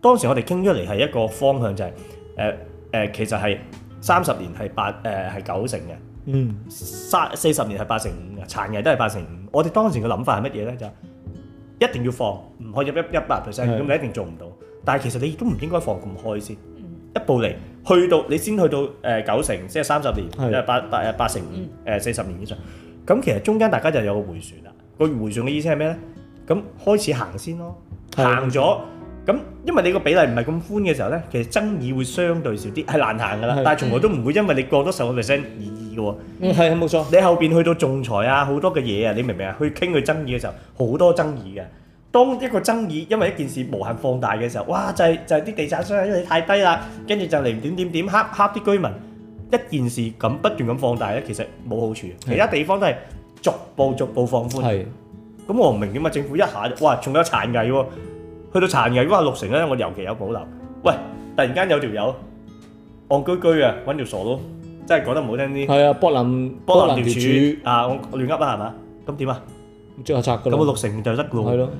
當時我哋傾出嚟係一個方向就係、是，誒、呃、誒、呃，其實係三十年係八誒係九成嘅，嗯，三四十年係八成五嘅，殘餘都係八成五。我哋當時嘅諗法係乜嘢咧？就是、一定要放，唔可以入一一百 percent，咁你一定做唔到。是的 但係其實你都唔應該放咁開先。一步嚟去到你先去到誒、呃、九成，即係三十年，誒的八八誒八成五，誒、呃、四十年以上。咁、嗯、其實中間大家就有個回旋啦。個回旋嘅意思係咩咧？咁開始行先咯，行咗咁，因為你個比例唔係咁寬嘅時候咧，其實爭議會相對少啲，係難行噶啦。的但係從來都唔會因為你過多十個 percent 而異嘅喎。係冇、嗯、錯。你後邊去到仲裁啊，好多嘅嘢啊，你明唔明啊？去傾佢爭議嘅時候，好多爭議嘅。當一個爭議因為一件事無限放大嘅時候，哇！就係就係啲地產商因為太低啦，跟住就嚟點點點黑黑啲居民。一件事咁不斷咁放大咧，其實冇好處。其他地方都係逐步逐步放寬。係。咁我唔明點啊？政府一下哇，仲有殘危喎，去到殘危，如果六成咧，我尤其有保留。喂，突然間有條友戇居居啊，揾條傻佬，真係講得唔好聽啲。係啊，博林博林業主啊，我亂噏啦係嘛？咁點啊？最後拆㗎。咁啊六成就得㗎喎。係咯。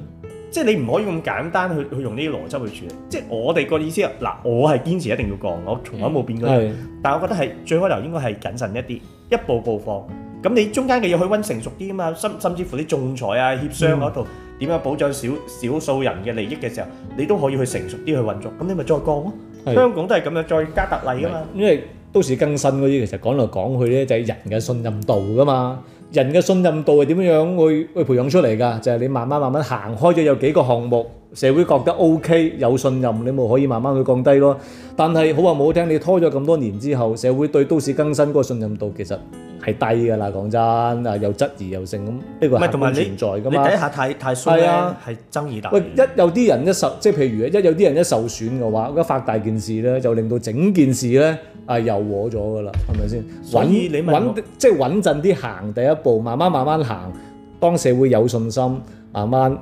即係你唔可以咁簡單去去用呢啲邏輯去處理。即係我哋個意思嗱，我係堅持一定要降，我從來冇變過。嗯、但係我覺得係最開頭應該係謹慎一啲，一步步放。咁你中間嘅要去溫成熟啲啊嘛，甚甚至乎啲仲裁啊、協商嗰度點樣保障少少數人嘅利益嘅時候，你都可以去成熟啲去運作。咁你咪再降咯。是香港都係咁樣，再加特例㗎嘛。因為都時更新嗰啲，其實講來講去咧，就係、是、人嘅信任度噶嘛。人嘅信任度係點樣去去培養出嚟噶？就係、是、你慢慢慢慢行開咗，有幾個項目。社會覺得 OK 有信任，你咪可以慢慢去降低咯。但係好話唔好聽，你拖咗咁多年之後，社會對都市更新嗰個信任度其實係低㗎啦。講真啊，又質疑又性，咁、這、呢個係普遍存在㗎嘛。你睇下太太衰咧、啊，係爭議大。喂，一有啲人一受，即係譬如一有啲人一受損嘅話，一發大件事咧，就令到整件事咧啊，又和咗㗎啦，係咪先？穩即係穩陣啲行第一步，慢慢慢慢行，當社會有信心。慢慢誒，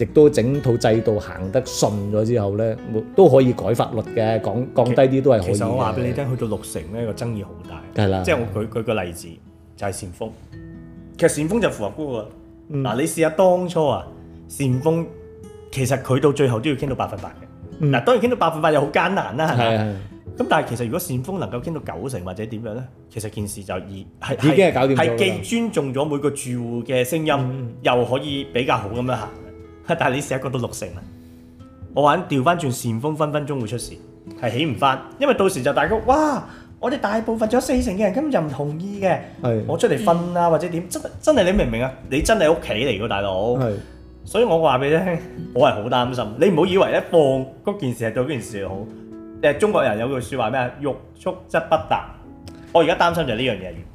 亦、啊、都整套制度行得順咗之後咧，都可以改法律嘅，降降低啲都係好。以嘅。其實我話俾你聽，去到六成呢，那個爭議好大，的即係我舉舉個例子，就係善豐，其實善豐就符合估、那、喎、個。嗱、嗯，你試下當初啊，善豐其實佢到最後都要傾到百分百嘅，嗱、嗯、當然傾到百分百就好艱難啦。的咁但係其實如果扇風能夠傾到九成或者點樣咧，其實件事就已係已經係搞掂咗，係既尊重咗每個住戶嘅聲音，嗯、又可以比較好咁樣行。但係你試下降到六成啊，我玩調翻轉扇風分分鐘會出事，係起唔翻，因為到時就大家哇，我哋大部分仲有四成嘅人根本就唔同意嘅。是我出嚟瞓啊或者點真真係你明唔明啊？你真係屋企嚟噶大佬，是所以我話俾你聽，我係好擔心。你唔好以為一放嗰件事係對件事好。呃，中國人有句説話咩啊？欲速則不達。我而家擔心就係呢樣嘢。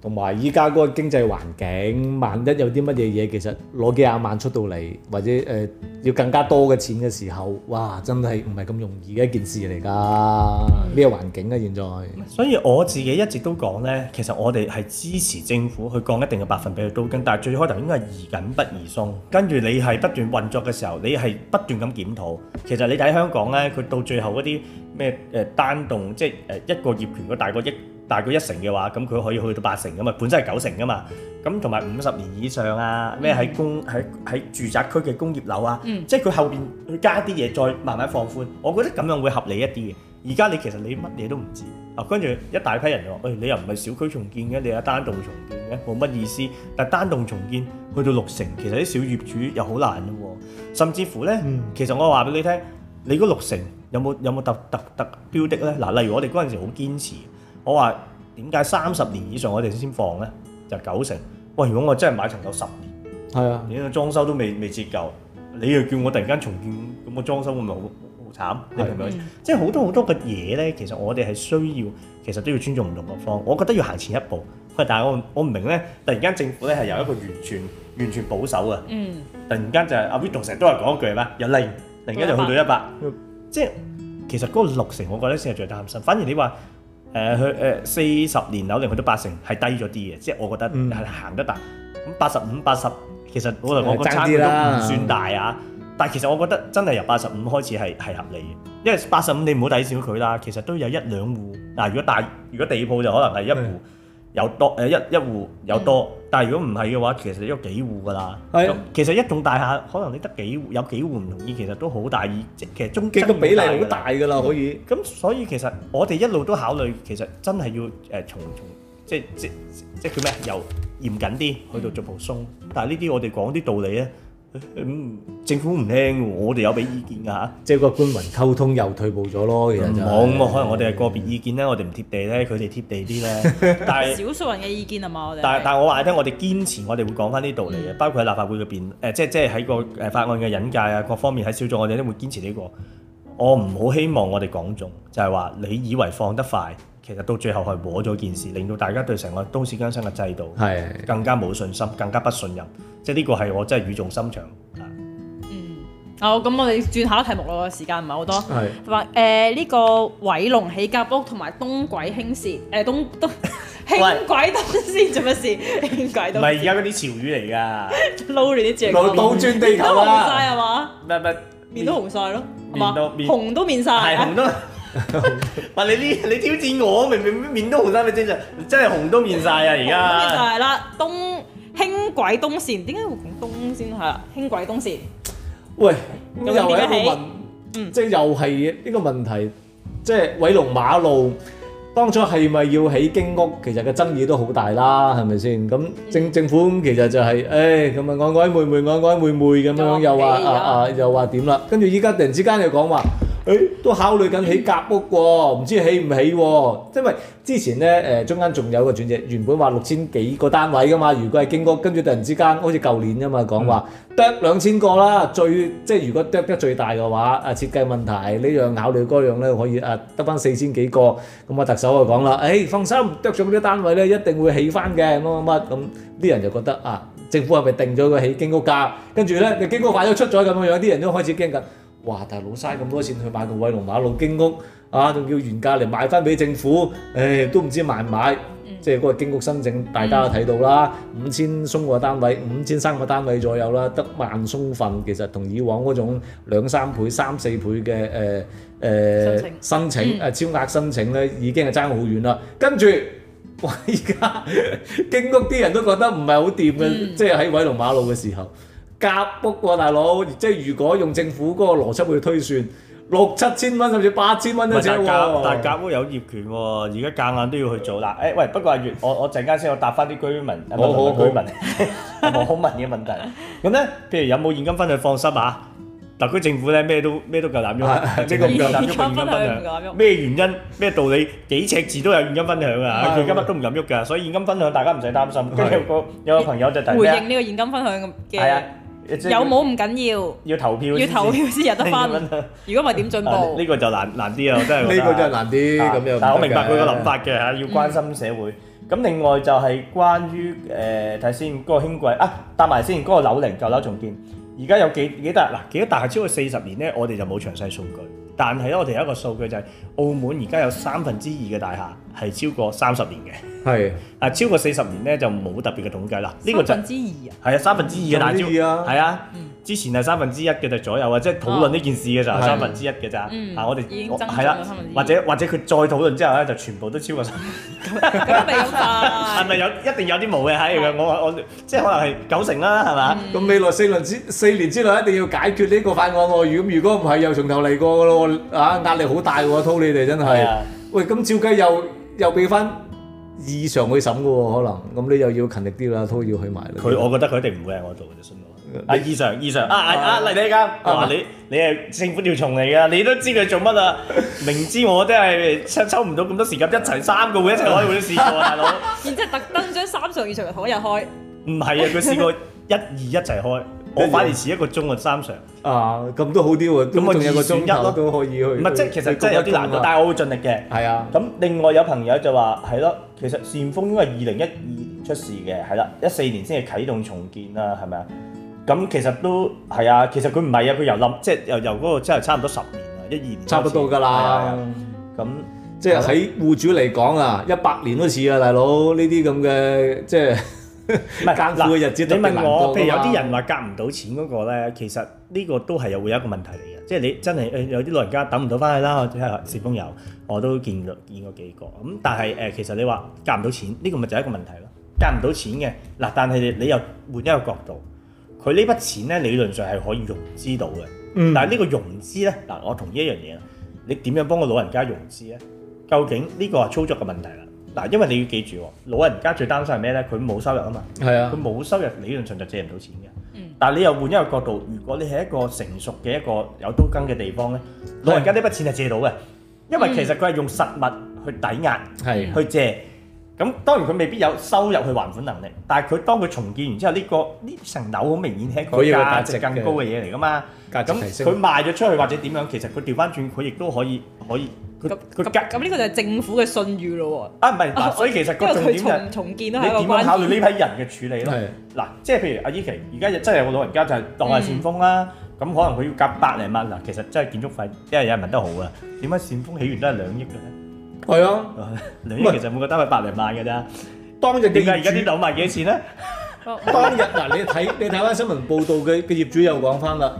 同埋依家嗰個經濟環境，萬一有啲乜嘢嘢，其實攞幾廿萬出到嚟，或者誒、呃、要更加多嘅錢嘅時候，哇！真係唔係咁容易嘅一件事嚟㗎。咩環境啊？現在，所以我自己一直都講呢，其實我哋係支持政府去降一定嘅百分比去到緊，但係最開頭應該係宜緊不宜鬆。跟住你係不斷運作嘅時候，你係不斷咁檢討。其實你睇香港呢，佢到最後嗰啲咩誒單棟，即係一個業權個大個億。大概一成嘅話，咁佢可以去到八成㗎嘛，本身係九成噶嘛，咁同埋五十年以上啊，咩喺、嗯、公喺喺住宅區嘅工業樓啊，嗯、即係佢後邊去加啲嘢，再慢慢放寬。我覺得咁樣會合理一啲嘅。而家你其實你乜嘢都唔知啊，跟住一大批人就話：，誒、欸、你又唔係小區重建嘅，你有單棟重建嘅，冇乜意思。但係單棟重建去到六成，其實啲小業主又好難嘅喎。甚至乎咧，嗯、其實我話俾你聽，你嗰六成有冇有冇特特特，特標的咧？嗱，例如我哋嗰陣時好堅持。我話點解三十年以上我哋先放咧？就九、是、成。喂，如果我真係買層有十年，係啊，你個裝修都未未折舊，你又叫我突然間重建咁個裝修會唔會好好慘？是你明唔明？嗯、即係好多好多嘅嘢咧，其實我哋係需要，其實都要尊重唔同各方。我覺得要行前一步。佢但係我我唔明咧，突然間政府咧係由一個完全完全保守啊。嗯，突然間就係、是、阿 Will，成日都係講一句咩？又突突然間就去到一百、嗯，即係其實嗰個六成，我覺得先係最擔心。反而你話。誒佢誒四十年樓齡去到八成係低咗啲嘅，即係我覺得係行得大。咁、嗯、八十五、八十其實我嚟講差別都唔算大啊，呃、但係其實我覺得真係由八十五開始係係合理嘅，因為八十五你唔好睇少佢啦，其實都有一兩戶嗱、啊，如果大如果地鋪就可能係一戶。嗯嗯有多誒一一戶有多，但係如果唔係嘅話，其實有幾戶㗎啦。係咁，其實一棟大廈可能你得幾戶有幾戶唔同意，其實都好大，意其實中間嘅比例好大㗎啦，可以。咁、嗯、所以其實我哋一路都考慮，其實真係要誒從從即即即叫咩由嚴謹啲去到逐步鬆。嗯、但係呢啲我哋講啲道理咧。嗯、政府唔聽，我哋有俾意見噶、啊、即係個官民溝通又退步咗咯，冇，可能我哋係個別意見咧，我哋唔貼地咧，佢哋貼地啲咧，但係少數人嘅意見啊嘛，我哋但係但係我話你聽，我哋堅持我，我哋會講翻呢道理嘅，包括喺立法會嗰邊，呃、即係即係喺個誒法案嘅引介啊，各方面喺小數，我哋都會堅持呢、這個，我唔好希望我哋講眾，就係、是、話你以為放得快。其實到最後係摸咗件事，令到大家對成個都市更新嘅制度更加冇信心，更加不信任。即係呢個係我真係語重心長、 嗯。嗯。好，咁我哋轉下題目咯，時間唔係好多。係是。話誒呢個偉龍起夾屋同埋東鬼輕軌，誒東東輕軌東軌做乜事？輕、欸、鬼東。唔係而家嗰啲潮語嚟㗎。撈亂啲字倒轉地球啦、啊！紅晒係嘛？唔係唔面都紅晒咯，係、啊、嘛？紅都紅都。啊話你呢？你挑戰我，明明面都紅晒，咪正常真係紅都面晒啊！而家就係啦，東輕軌東線，點解會咁東先吓？輕軌東線，喂，咁又係一個問題，即係又係呢個問題，即係偉龍馬路當初係咪要起經屋？其實嘅爭議都好大啦，係咪先？咁政政府其實就係，誒，咁啊，曖昧曖昧曖昧曖昧咁樣樣，又話啊啊，又話點啦？跟住依家突然之間又講話。都考慮緊起夾屋喎，唔知起唔起喎？因為之前呢，誒中間仲有個轉折，原本話六千幾個單位噶嘛。如果係經屋，跟住突然之間好似舊年啊嘛，講話得兩千個啦，最即係如果得得最大嘅話，啊設計問題呢樣考慮嗰樣咧，可以啊得翻四千幾個。咁啊特首就講啦，誒、哎、放心，得咗嗰啲單位呢，一定會起翻嘅乜乜乜咁。啲人就覺得啊，政府係咪定咗個起經屋價？跟住呢，你經屋快咗出咗咁嘅樣，啲人都開始驚緊。哇！大佬嘥咁多錢去買個偉龍馬路經屋，啊，仲要原價嚟賣翻俾政府，誒、哎，都唔知買唔買。嗯、即係嗰個經屋申請，大家都睇到啦，嗯、五千鬆個單位，五千三個單位左右啦，得萬鬆份，其實同以往嗰種兩三倍、三四倍嘅誒誒申請、申請、嗯、超額申請咧，已經係爭好遠啦。跟住，哇！而家經屋啲人都覺得唔係好掂嘅，嗯、即係喺偉龍馬路嘅時候。夾屋喎大佬，即係如果用政府嗰個邏輯去推算，六七千蚊甚至八千蚊一隻喎。但係夾屋有業權喎，而家夾硬都要去做啦。誒喂，不過阿月，我我陣間先我答翻啲居民，阿媽同埋居民有冇好問嘅問題。咁咧，譬如有冇現金分享？放心嚇，特區政府咧咩都咩都夠膽喐，即係唔夠膽喐現金分享。咩原因？咩道理？幾尺字都有現金分享啊！佢今日都唔敢喐㗎，所以現金分享大家唔使擔心。跟住個有個朋友就答咩？回應呢個現金分享嘅係啊。有冇唔緊要，要投票，要投票先入得翻。 如果唔係點進步？呢 啊呢個就難難啲 啊！真係呢個就難啲。咁又，但係我明白佢嘅諗法嘅嚇， 要關心社會。咁、嗯、另外就係關於誒睇、呃、先嗰、嗰個輕軌啊，搭埋先嗰、嗰個樓齡舊樓重建，而家有幾幾大嗱幾多大？超過四十年咧，我哋就冇詳細數據。但係咧，我哋有一個數據就係澳門而家有三分之二嘅大廈係超過三十年嘅。係啊，超過四十年咧就冇特別嘅統計啦。呢個、就三分之二啊，係啊，三分之二嘅大廈，係啊。之前係三分之一嘅就左右，或者討論呢件事嘅時候三分之一嘅咋？哦嗯、啊，我哋已經增到或者或者佢再討論之後咧，就全部都超過三分係咪有一定有啲毛嘅？喺的、嗯？我我即係可能係九成啦，係嘛？咁未來四輪之四年之內一定要解決呢個法案喎、哦。如果如果唔係，又從頭嚟過嘅咯，啊壓力好大喎，濤你哋真係。喂，咁照計又又俾分以上去審嘅喎，可能咁你又要勤力啲啦，濤要去埋。佢我覺得佢一定唔會喺我度嘅啊！二常二常啊啊！嚟你間啊！你你係政府條蟲嚟㗎，你都知佢做乜啊？明知我真係抽抽唔到咁多時間一齊三個會一齊開會都試過，大佬。然之後特登將三常二常同一日開，唔係啊！佢試過一二一齊開，我反而遲一個鐘嘅三常啊！咁都好啲喎，咁我仲有個鐘一都可以去。唔係即係其實真係有啲難度，但係我會盡力嘅。係啊。咁另外有朋友就話係咯，其實善豐應該二零一二年出事嘅係啦，一四年先係啟動重建啦，係咪啊？咁其實都係啊，其實佢唔係啊，佢又諗即係又由嗰個即係差唔多十年，年多啊，一二年差唔多㗎啦。咁即係喺戶主嚟講啊，一百、嗯、年都似啊，大佬呢啲咁嘅即係艱苦嘅日子你問我，譬如有啲人話夾唔到錢嗰、那個咧，其實呢個都係又會有一個問題嚟嘅。即係你真係誒有啲老人家等唔到翻去啦，始終有我都見過見過幾個咁。但係誒，其實你話夾唔到錢呢、這個咪就係一個問題咯。夾唔到錢嘅嗱，但係你又換一個角度。佢呢筆錢咧理論上係可以融資到嘅，但係呢個融資咧嗱，我同意一樣嘢啦，你點樣幫個老人家融資咧？究竟呢個係操作嘅問題啦。嗱，因為你要記住，老人家最擔心係咩咧？佢冇收入啊嘛，係啊，佢冇收入理論上就借唔到錢嘅。但係你又換一個角度，如果你係一個成熟嘅一個有租金嘅地方咧，老人家呢筆錢係借到嘅，因為其實佢係用實物去抵押去借。咁當然佢未必有收入去還款能力，但係佢當佢重建完之後，呢、這個呢層樓好明顯係佢價值更高嘅嘢嚟噶嘛。咁佢賣咗出去或者點樣，其實佢調翻轉佢亦都可以可以。佢佢咁呢個就係政府嘅信譽咯、哦。啊唔係嗱，所以其實個重點就係你點樣考慮呢批人嘅處理咯。嗱，即係譬如阿依琪，而家真係有個老人家就係、是、當係善豐啦、啊，咁、嗯、可能佢要夾百零萬嗱，其實真係建築費因為有人問得好啊。點解善豐起完都係兩億嘅？係啊，兩 其實每個單位百零萬嘅咋。當日點解而家啲樓賣幾多錢咧？ 當日嗱，你睇你睇翻新聞報道嘅嘅業主又講翻啦。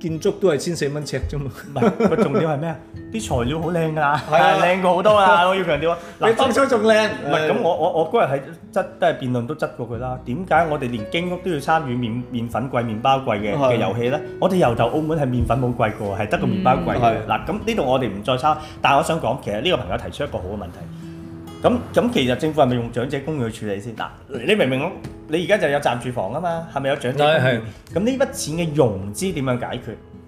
建築都係千四蚊尺啫嘛，唔係個重點係咩啊？啲材料好靚㗎啦，係啊，靚過好多啊！我要強調 你啊，嗱、啊，當初仲靚，唔係咁我我我嗰日係質都係辯論都質過佢啦。點解我哋連經屋都要參與麵麵粉貴、麵包貴嘅嘅遊戲咧？是的 我哋由頭澳門係麵粉冇貴過，係得個麵包貴。嗱咁呢度我哋唔再差，但係我想講，其實呢個朋友提出一個好嘅問題。咁咁其實政府係咪用長者公寓去處理先？嗱、啊，你明唔明？我你而家就有暫住房啊嘛，係咪有長者公寓？係係。咁呢筆錢嘅融資點樣解決？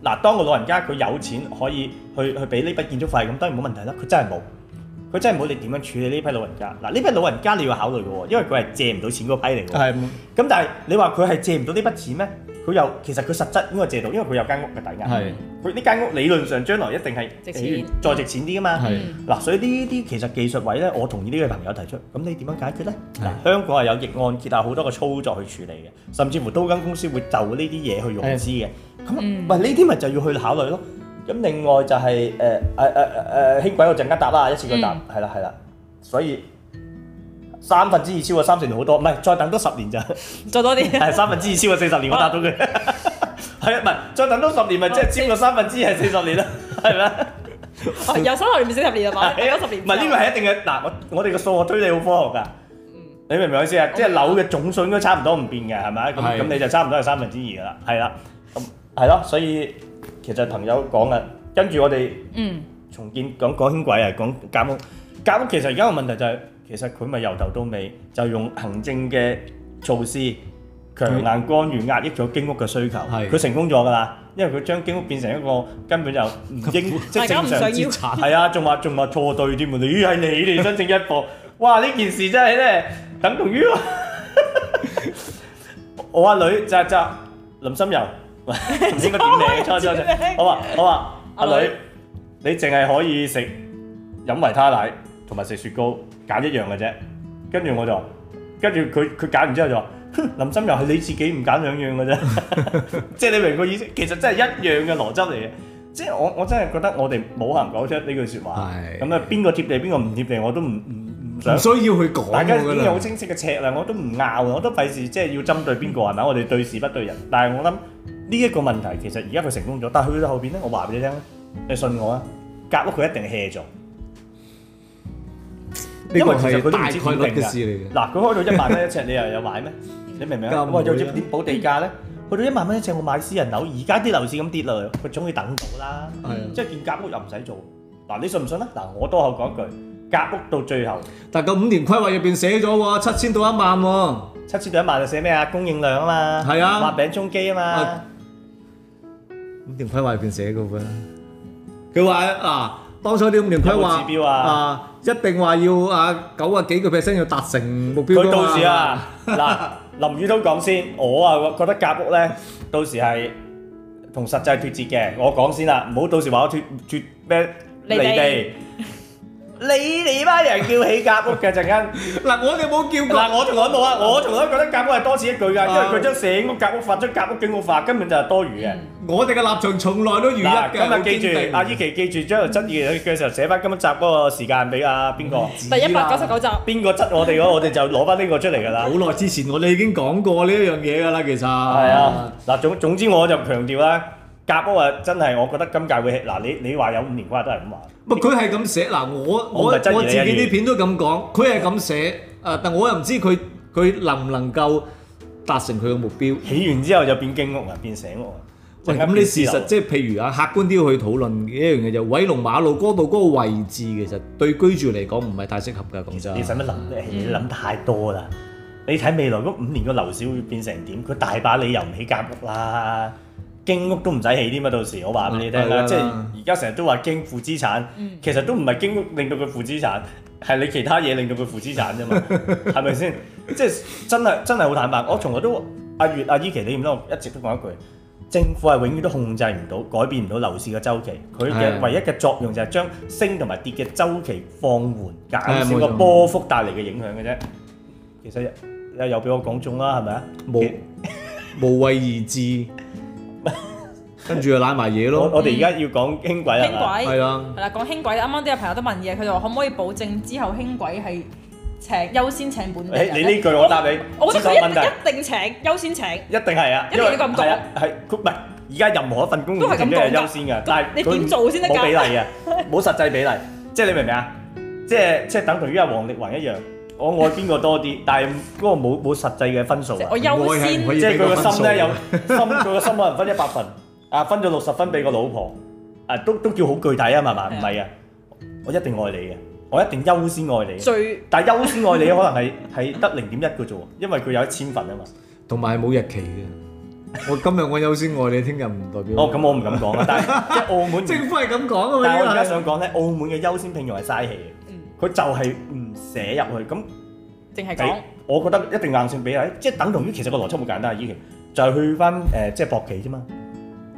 嗱、啊，當個老人家佢有錢可以去去俾呢筆建築費，咁當然冇問題啦。佢真係冇，佢真係冇，你點樣處理呢批老人家？嗱、啊，呢批老人家你要考慮嘅喎，因為佢係借唔到錢嗰批嚟嘅。係的。咁但係你話佢係借唔到呢筆錢咩？佢又其實佢實質應該借到，因為佢有間屋嘅抵押。佢呢間屋理論上將來一定係值錢，再值錢啲噶嘛。嗱，所以呢啲其實技術位咧，我同意呢個朋友提出。咁、嗯、你點樣解決咧？嗱，香港係有逆按揭，但好多個操作去處理嘅，甚至乎都間公司會就呢啲嘢去融資嘅。咁、嗯嗯，唔係呢啲咪就要去考慮咯。咁另外就係誒誒誒誒輕軌我陣間答啦，一次過答，係啦係啦，所以。三分之二超過三十年好多，唔係再等多十年就再多啲，係三分之二超過四十年，我答到佢。係啊，唔係再等多十年咪即係超過三分之二係四十年啦，係咪？有三十年唔四十年啊嘛？有十年唔係呢個係一定嘅。嗱，我我哋個數學推理好科學㗎，你明唔明我意思啊？即係樓嘅總數應該差唔多唔變嘅，係咪啊？咁咁你就差唔多係三分之二㗎啦，係啦，咁係咯，所以其實朋友講嘅，跟住我哋嗯重建講講輕軌啊，講夾屋夾屋，其實而家個問題就係。其實佢咪由頭到尾就用行政嘅措施強硬干預壓抑咗經屋嘅需求，佢、嗯、成功咗㗎喇，因為佢將經屋變成一個根本就唔應 即正常資產，係啊，仲話仲話錯對添喎，咦係你哋真正一步，哇呢件事真係咧等同於我阿 女就就林心柔，唔應該點你，錯咗錯咗，好，好啊好啊，阿女你淨係可以食飲維他奶同埋食雪糕。揀一樣嘅啫，跟住我就，跟住佢佢揀完之後就話，林心又係你自己唔揀兩樣嘅啫，即係你明個意思？其實真係一樣嘅邏輯嚟嘅，即係我我真係覺得我哋冇可能講出呢句説話，咁啊邊個貼地邊個唔貼地我都唔唔唔想，唔需要要去講嘅。大家已經有清晰嘅尺量，我都唔拗，我都費事即係要針對邊個係咪啊？我哋對事不對人，但係我諗呢一個問題其實而家佢成功咗，但係去到後邊咧，我話俾你聽，你信我啊，夾屋佢一定 hea 咗。因為其實佢大概率嘅事嚟嘅，嗱，佢開到一萬蚊一尺，你又有買咩你明唔明？咁啊，又點補地價咧？去到一萬蚊一尺，我買私人樓，而家啲樓市咁跌落去，佢終於等到啦。係啊，即係件夾屋又唔使做。嗱，你信唔信咧？嗱，我多口講一句，夾屋到最後，但係個五年規劃入邊寫咗七千到一萬，七千到一萬就寫咩啊？供應量啊嘛，係啊，畫餅充飢啊嘛。五年規劃入邊寫過嘅，佢話啊。當初啲五年規劃啊、呃，一定話要九啊幾個 percent 要達成目標、啊。佢到時啊，嗱 林宇滔講先說，我啊覺得夾屋咧到時係同實際脫節嘅。我講先啦，唔好到時話我脫脫咩離地。你你班人叫起夾屋嘅陣間，嗱 我哋冇叫過。嗱，我從來冇啊，我從來覺得夾屋係多此一舉㗎，因為佢將醒個夾屋發出夾屋嘅語法，根本就係多餘嘅、嗯。我哋嘅立場從來都如一嘅，好堅定。啊、記住阿依琪，記住將質疑嘅時候寫翻今集嗰個時間俾啊邊個？第一百九十九集。邊個質我哋嘅？我哋就攞翻呢個出嚟㗎啦。好耐之前我哋已經講過呢一樣嘢㗎啦，其實。係啊。嗱、啊、總總之我就強調啦。夾屋啊，真係，我覺得今屆會嗱，你你話有五年規劃都係咁話。唔，佢係咁寫嗱，我我我自己啲片都咁講，佢係咁寫，但我又唔知佢佢能唔能夠達成佢嘅目標。起完之後就變驚屋啊，變醒屋啊。喂，咁你事實即係譬如啊，客觀啲去討論一樣嘢就偉龍馬路嗰度嗰個位置，其實對居住嚟講唔係太適合㗎，咁咋？你使乜諗？你諗太多啦！你睇未來嗰五年個樓市會變成點？佢大把理由唔起夾屋啦。經屋都唔使起添嘛，到時我話俾你聽啦，uh, 即係而家成日都話經負資產， 其實都唔係經屋令到佢負資產，係你其他嘢令到佢負資產啫嘛，係咪先？即係真係真係好坦白，對我從來都阿月、阿依琪，你唔嬲，一直都講一句，政府係永遠都控制唔到、改變唔到樓市嘅周期，佢嘅唯一嘅作用就係將升同埋跌嘅周期放緩，減少個波幅帶嚟嘅影響嘅啫。其實又又俾我講中啦，係咪啊？無實無，無為而治。跟住又攬埋嘢咯。我我哋而家要講輕軌啊，輕軌？係啊，係啦，講輕軌。啱啱都有朋友都問嘢，佢就話可唔可以保證之後輕軌係請優先請本地人？誒，你呢句我答你，我覺得佢一定一定請優先請，一定係啊，因為係啊，係，唔係而家任何一份工都係咁樣係優先嘅，但係你點做先得㗎？冇比例啊，冇實際比例，即係你明唔明啊？即係即係等同於阿王力宏一樣，我愛邊個多啲，但係嗰個冇冇實際嘅分數。我優先，即係佢個心咧有心，佢個心可能分一百份。啊，分咗六十分俾個老婆，啊，都都叫好具體啊，嘛嘛，唔係啊，我一定愛你嘅，我一定優先愛你。最但係優先愛你，可能係係得零點一嘅啫喎，因為佢有一千份啊嘛。同埋係冇日期嘅，我今日我優先愛你，聽日唔代表。哦，咁我唔敢講啊。但係即係澳門政府係咁講啊嘛。但係我而家想講咧，澳門嘅優先聘用係嘥氣嘅，佢就係唔寫入去。咁淨係講，我覺得一定硬性俾啊，即係等同於其實個邏輯好簡單，以前就係去翻誒，即係博企啫嘛。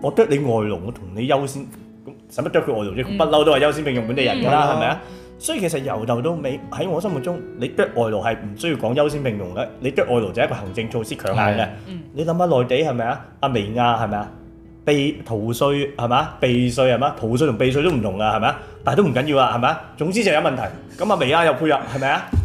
我啄你外勞，我同你優先，咁使乜啄佢外勞啫？不嬲、嗯、都係優先聘用本地人噶啦，係咪啊？所以其實由頭到尾喺我心目中，你啄外勞係唔需要講優先聘用嘅，你啄外勞就係一個行政措施強硬嘅。嗯嗯、你諗下內地係咪啊？阿薇亞係咪啊？避逃稅係嘛？避稅係嘛？逃稅同避稅都唔同噶，係咪啊？但係都唔緊要啦，係咪啊？總之就有問題，咁啊薇亞又配合，係咪啊？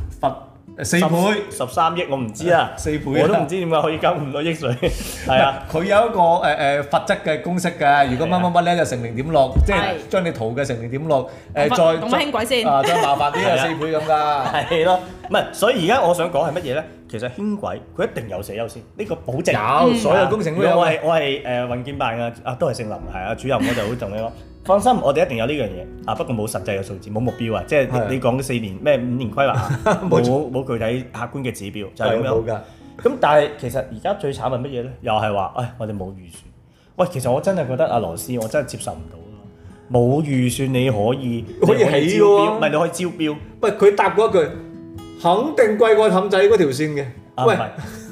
四倍十三億我唔知啊，四倍啊，我都唔知點解可以加咁多億水，係啊，佢有一個誒誒罰則嘅公式㗎，如果乜乜乜咧就乘零點六，即係將你圖嘅乘零點六，誒再咁啊輕軌先啊，再麻煩啲啊四倍咁㗎，係咯，唔係，所以而家我想講係乜嘢咧？其實輕軌佢一定有寫優先，呢個保證有，所有工程都有。我係我係誒運建辦㗎，啊都係姓林係啊主任，我就好重要。放心，我哋一定有呢樣嘢啊！不過冇實際嘅數字，冇目標啊，即係你講是的 四年咩五年規劃，冇冇 沒錯 具體客觀嘅指標，就係、是、咁樣。咁但係其實而家最慘係乜嘢咧？又係話誒，我哋冇預算。喂，其實我真係覺得阿羅斯，我真係接受唔到咯。冇預算你可以可以起噶，唔係你可以招標。喂，佢答過一句，肯定貴過氹仔嗰條綫嘅。啊、喂，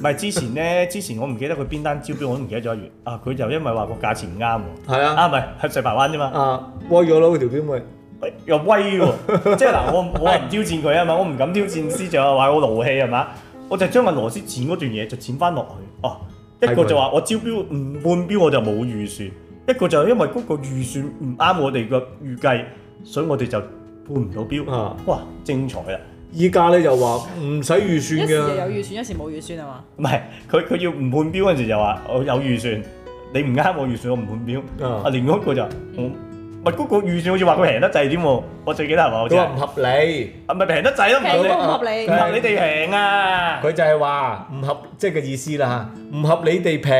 唔係之前咧，之前我唔記得佢邊單招標，我都唔記得咗一月。啊，佢就因為話個價錢唔啱喎。係啊，啊唔係喺西貢灣啫嘛。啊，威、啊、我攞佢條標咪，又威喎。即係嗱，我我唔挑戰佢啊嘛， 我唔敢挑戰司長，話我勞氣係嘛？我就將個羅司剪嗰段嘢就剪翻落去。哦、啊，一個就話我招標唔判標我就冇預算，一個就因為嗰個預算唔啱我哋嘅預計，所以我哋就判唔到標。啊、嗯，哇，精彩啊！依家咧就話唔使預算嘅，一時有預算，一時冇預算啊嘛。唔係，佢佢要唔判標嗰陣時就話我有預算，你唔啱我預算，我唔判標。啊，連嗰個就，唔係嗰個預算好似話佢平得滯啲喎。我最記得係話，好似。都唔合理。啊，唔係平得滯咯，唔合理。唔合理，唔合理地平啊。佢就係話唔合，即係個意思啦嚇。唔合理地平，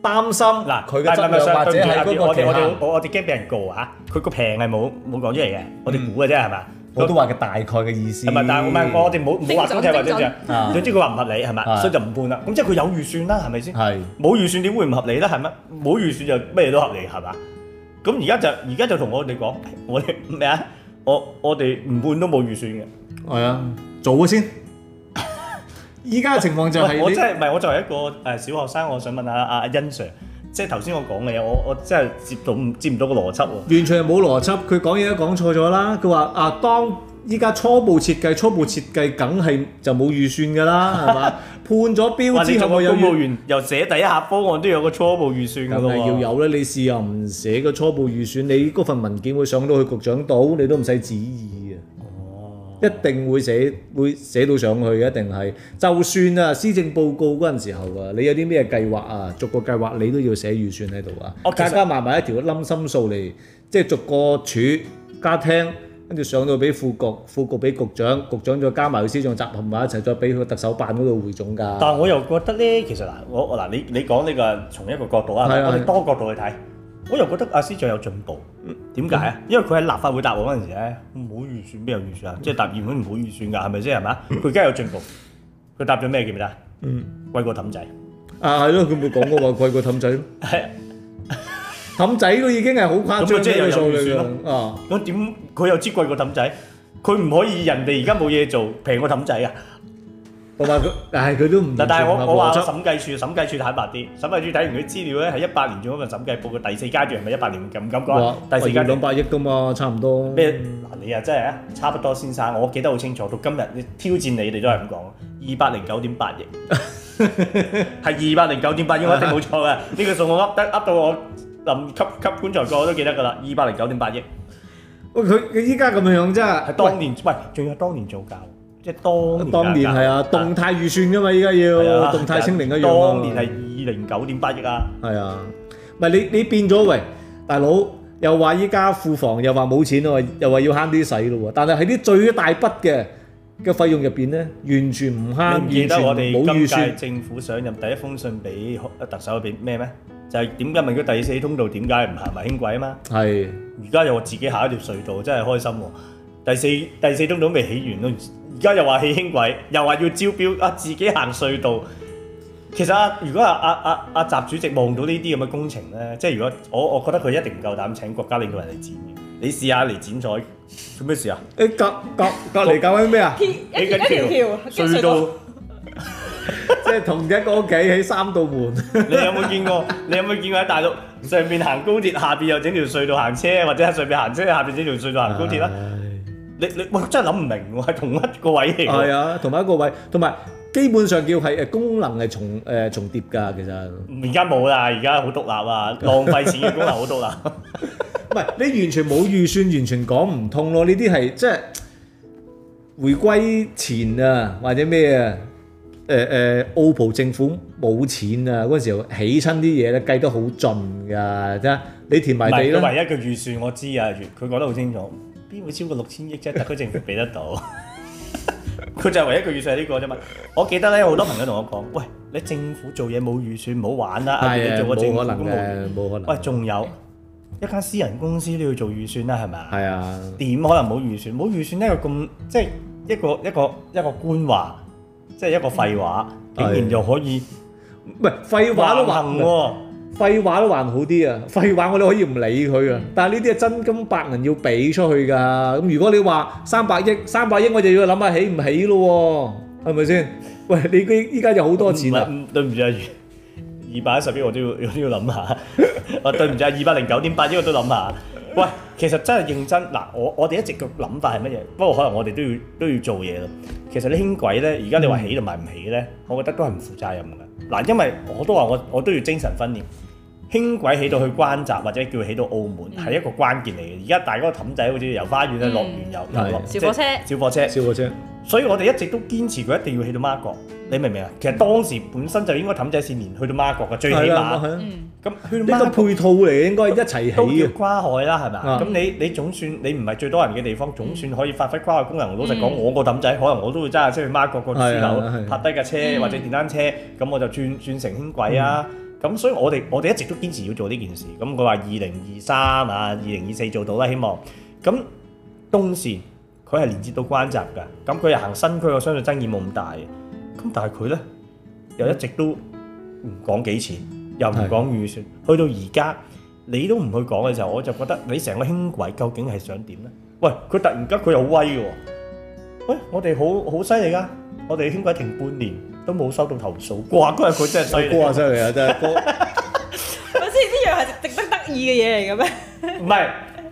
擔心嗱佢嘅質量，或者係嗰個平，我我我哋驚俾人告嚇。佢個平係冇冇講出嚟嘅，我哋估嘅啫係嘛。我都話嘅大概嘅意思，唔係，但係唔係我哋冇冇話咁睇，或者就總之佢話唔合理係咪？所以就唔判啦。咁即係佢有預算啦，係咪先？冇預算點會唔合理咧？係咩？冇預算就咩嘢都合理係嘛？咁而家就而家就同我哋講，我哋咩啊？我我哋唔判都冇預算嘅，係啊，做咗先。依家嘅情況就係我即係唔係？我作為一個誒小學生，我想問下阿欣 Sir。即係頭先我講嘅嘢，我我真係接唔到接唔到個邏輯喎。完全係冇邏輯，佢講嘢都講錯咗啦。佢話啊，當依家初步設計，初步設計梗係就冇預算㗎啦，係嘛？ 判咗標之後，我有、啊、公務員又寫第一下方案，都有個初步預算㗎咯。係要有咧？你試又唔寫個初步預算，你嗰份文件會上到去局長度，你都唔使旨意。一定會寫，會寫到上去，一定係。就算啊，施政報告嗰陣時候啊，你有啲咩計劃啊，逐個計劃你都要寫預算喺度啊。我 Okay, 加加埋埋一條冧心數嚟，即係逐個處加廳，跟住上到俾副局，副局俾局長，局長再加埋去司長集合埋一齊，再俾佢特首辦嗰度匯總㗎。但係我又覺得咧，其實嗱，我我嗱，你你講呢個從一個角度啊，我哋多角度去睇。我又覺得阿司長有進步，點解啊？因為佢喺立法會答我嗰陣時咧，唔好預算邊有預算啊！即係答議員唔好預算㗎，係咪先係嘛？佢而家有進步，佢答咗咩記唔記得？嗯，貴過氹仔啊，係咯，佢冇講過話貴過氹仔咯，氹仔都已經係好誇張嘅數字咯。啊，咁點？佢又知貴過氹仔，佢唔可以人哋而家冇嘢做，平過氹仔啊！ 我話佢，但係佢都唔。但但係我我話審計處，審計處坦白啲，審計處睇完佢資料咧，係一八年做一份審計報告第四階段係咪一八年咁咁講？第四階段兩百億㗎嘛，差唔多。咩？嗱你啊，真係啊，差不多先生，我記得好清楚，到今日你挑戰你哋都係咁講，二百零九點八億，係二百零九點八億，我一定冇錯嘅。呢、啊、哈 個數我呃得噏到我臨吸吸棺材蓋，我都記得㗎啦，二百零九點八億。喂，佢佢依家咁樣真係，係 當年喂仲有當年做假。即係當年係啊，動態預算噶嘛，依家要、啊、動態清零一樣咯、啊。當年係二零九點八億啊。係啊，唔係你你變咗喂，大佬又話依家庫房又話冇錢喎，又話要慳啲使咯喎。但係喺啲最大筆嘅嘅費用入邊咧，完全唔慳，得我哋冇預算。政府上任第一封信俾特首入邊咩咩？就係點解問佢第四通道點解唔行埋輕軌啊嘛？係是。而家又話自己下一條隧道，真係開心喎、啊。第四第四通道未起完都。而家又話起輕軌，又話要招標啊！自己行隧道，其實啊，如果阿阿阿阿習主席望到呢啲咁嘅工程咧，即係如果我我覺得佢一定唔夠膽請國家領導人嚟剪嘅。你試下嚟剪彩，做咩事啊？欸、隔隔隔籬搞緊咩啊？一條條隧道，即係同一個屋企喺三道門。 你有冇見過？你有冇見過喺大陸上邊行高鐵，下邊又整條隧道行車，或者喺上邊行車，下邊整條隧道行高鐵啦？Uh 你你真係諗唔明喎，係同一個位嚟嘅。係啊，同埋一個位，同埋基本上叫係誒功能係重誒、呃、重疊㗎。其實而家冇啦，而家好獨立啊，浪費錢嘅功能好獨立。 唔係你完全冇預算，完全講唔通咯。呢啲係即係回歸前啊，或者咩啊？誒誒澳葡政府冇錢啊，嗰陣時候起親啲嘢咧，計得好盡㗎啫。你填埋地咯。唯一嘅預算我知啊，佢講得好清楚。邊會超過六千億啫？特區政府俾得到，佢就係唯一一個預算係呢個啫嘛。我記得咧，好多朋友同我講，喂，你政府做嘢冇預算，唔好玩啦、啊！的你做個政府公務員，冇可能嘅。冇可能喂，仲有一間私人公司都要做預算啦，係咪啊？係啊。點的可能冇預算？冇預算、就是、一個咁，即係一個一個一個官話，即、就、係、是、一個廢話，嗯、竟然又可以？唔係的廢話都行喎、啊。廢話都還好啲啊，廢話我哋可以唔理佢啊。但係呢啲係真金白銀要俾出去㗎。咁如果你話三百億，三百億我就要諗下起唔起咯，係咪先？喂，你依家有好多錢啊？唔，對唔住啊，二百一十億我都要，都要諗下。我 對唔住啊，二百零九點八億我都諗下。喂，其實真係認真嗱，我我哋一直嘅諗法係乜嘢？不過可能我哋都要都要做嘢啦。其實你輕軌咧，而家你話起同埋唔起咧，嗯、我覺得都係唔負責任㗎。嗱，因為我都話我我都要精神訓練。輕軌起到去關閘，或者叫起到澳門係一個關鍵嚟嘅，而家大嗰個氹仔好似由花園咧落完又又小火車、小火車、小火車。所以我哋一直都堅持佢一定要去到媽閣，你明唔明啊？其實當時本身就應該氹仔線連去到媽閣嘅，最起碼咁去到呢個配套嚟嘅應該一齊起嘅。跨海啦係咪？咁你你總算你唔係最多人嘅地方，總算可以發揮跨海功能。老實講，我個氹仔可能我都會揸下車去媽閣個主樓，泊低架車或者電單車，咁我就轉轉成輕軌啊。咁所以我哋我哋一直都堅持要做呢件事。咁佢話二零二三啊，二零二四做到啦，希望。咁東線佢係連接到關閘㗎。咁佢又行新區，我相信爭議冇咁大。咁但係佢咧又一直都唔講幾錢，又唔講預算。是的 去到而家你都唔去講嘅時候，我就覺得你成個輕軌究竟係想點咧？喂，佢突然間佢又威喎。喂，我哋好好犀利㗎，我哋輕軌停半年，都冇收到投訴，哇！嗰日佢真係高啊，真係啊，真係高！我知呢樣係值得得意嘅嘢嚟嘅咩？唔係，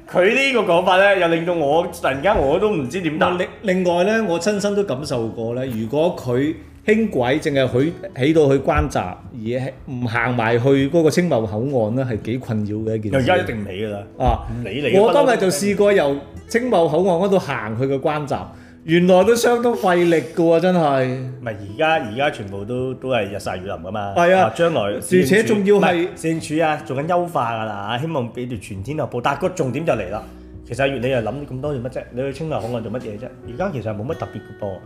佢呢個講法咧，又令到我突然間我都唔知點答。另另外咧，我親身都感受過咧，如果佢輕軌淨係佢起到去關閘，而係唔行埋去嗰個青茂口岸咧，係幾困擾嘅一件事。而家一定唔起㗎啦。啊，唔理你。你我今日就試過由青茂口岸嗰度行去個關閘。原來都相當費力嘅喎，真係。唔係而家而家全部都都係日曬雨淋嘅嘛？係啊，將來。而且仲要係市政署啊，做緊優化㗎啦。希望俾條全天候布。但係個重點就嚟啦，其實你又諗咁多做乜啫？你去青茂口岸做乜嘢啫？而家其實冇乜特別嘅噃。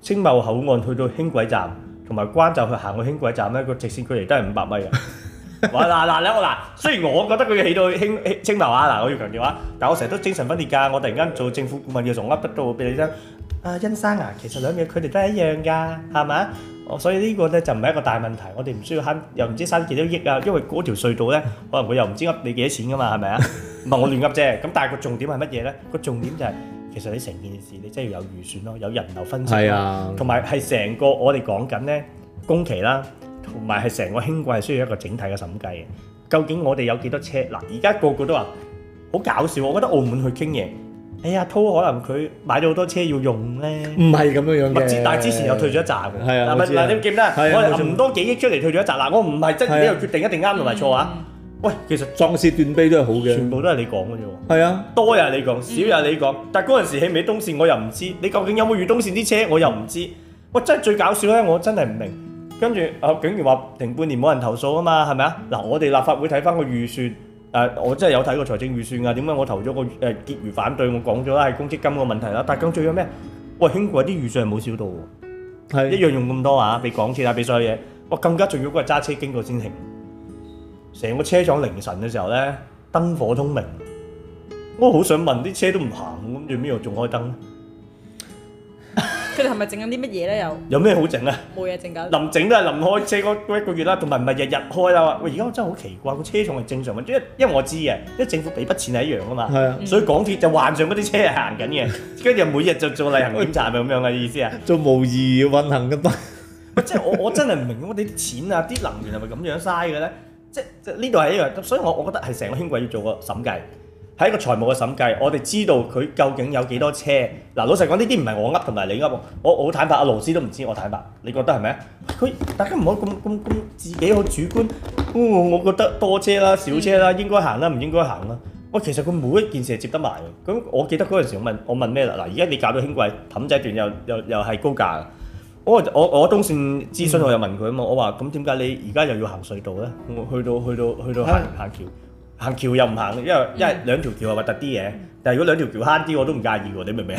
青茂口岸去到輕軌站同埋關閘，去行去輕軌站咧，個直線距離都係五百米啊。 話嗱嗱咧，我嗱雖然我覺得佢起到輕輕蒸頭啊，嗱我要強調啊，但係我成日都精神分裂㗎，我突然間做政府顧問嘅時候噏得多，我俾你聽啊，欣生啊，其實兩樣佢哋都係一樣㗎，係咪？我所以呢個咧就唔係一個大問題，我哋唔需要慳，又唔知慳幾多億啊，因為嗰條隧道咧，可能佢又唔知噏你幾多錢㗎嘛，係咪啊？唔係我亂噏啫，咁但係個重點係乜嘢咧？個重點就係其實你成件事你真係要有預算咯，有人流分析，係啊，同埋係成個我哋講緊咧工期啦。同埋係成個輕軌係需要一個整體嘅審計嘅。究竟我哋有幾多車？嗱，而家個個都話好搞笑。我覺得澳門去傾嘢，哎呀，滔可能佢買咗好多車要用咧。唔係咁樣嘅，但係之前又退咗一紮嘅。係啊，嗱，你唔記得？我哋冚多幾億出嚟退咗一紮。嗱，我唔係即呢個決定一定啱同埋錯啊。喂，其實壯士斷臂都係好嘅。全部都係你講嘅啫。係啊，多又係你講，少又係你講。但係嗰陣時起唔起東線，我又唔知。你究竟有冇遇東線啲車，我又唔知。我真係最搞笑咧，我真係唔明。跟住啊，竟然話停半年冇人投訴啊嘛，係咪啊？嗱，我哋立法會睇翻個預算，誒、啊，我真係有睇過財政預算噶。點解我投咗個誒、啊、結餘反對？我講咗啦，係公積金個問題啦。但係咁最緊咩？喂，輕軌啲預算冇少到喎，係是一樣用咁多啊！俾港鐵啊，俾所有嘢。哇、啊，更加重要嗰個揸車經過先停。成個車廠凌晨嘅時候咧，燈火通明。我好想問啲車都唔行，咁做咩仲開燈咧？佢哋係咪整緊啲乜嘢咧？又有咩好整啊？冇嘢整緊，臨整都係臨開車嗰嗰一個月啦，同埋唔係日日開啊！喂，而家我真係好奇怪，個車廠係正常嘅，因為我知嘅，因為政府俾筆錢係一樣啊嘛。係啊，所以港鐵就患上嗰啲車係行緊嘅，跟住每日就做例行檢查係咪咁樣嘅意思啊？做模擬運行咁多，喂！ 即係我我真係唔明，我哋啲錢啊、啲能源係咪咁樣嘥嘅咧？即即呢度係一樣，所以我我覺得係成個輕軌要做個審計。喺一個財務嘅審計，我哋知道佢究竟有幾多車。嗱老實講，呢啲唔係我噏同埋你噏，我我坦白，阿羅斯都唔知我坦白。你覺得係咪啊？佢大家唔好咁咁咁，自己好主觀、哦。我覺得多車啦，少車啦，應該行啦，唔應該行啦。喂，其實佢每一件事係接得埋嘅。咁我記得嗰陣時我問我問咩啦？嗱，而家你搞到輕軌氹仔段又又又係高價嘅。我我我東線諮詢我又問佢啊嘛，嗯、我話咁點解你而家又要行隧道咧？去到去到去到，去到，去到行到行橋。行行橋又唔行，因為因為兩條橋係核突啲嘢。但係如果兩條橋慳啲，我都唔介意喎。你明唔明？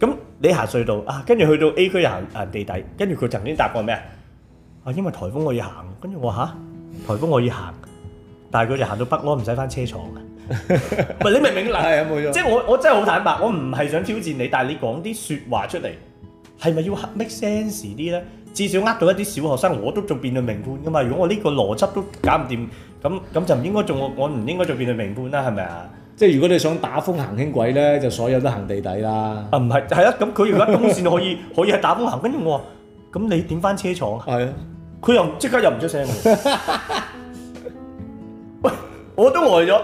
咁 你行隧道啊，跟住去到 A 區又行行地底，跟住佢曾經答過咩啊？因為台風我要行，跟住我嚇，台、啊、風我要行，但係佢就行到北安唔使返車廠嘅。唔 你明唔明啦？係啊， 冇即係我我真係好坦白，我唔係想挑戰你，但係你講啲説話出嚟。係咪要 make sense 啲咧？至少呃到一啲小學生，我都仲辯論評判㗎嘛。如果我呢個邏輯都搞唔掂，咁咁就唔應該做，我唔應該做辯論評判啦，係咪啊？即係如果你想打風行輕軌咧，就所有都行地底啦。啊唔係，係啊，咁佢如果東線可以可以係打風行，跟住我咁你點返車廠？係啊，佢又即刻又唔出聲喎。喂，我都呆咗。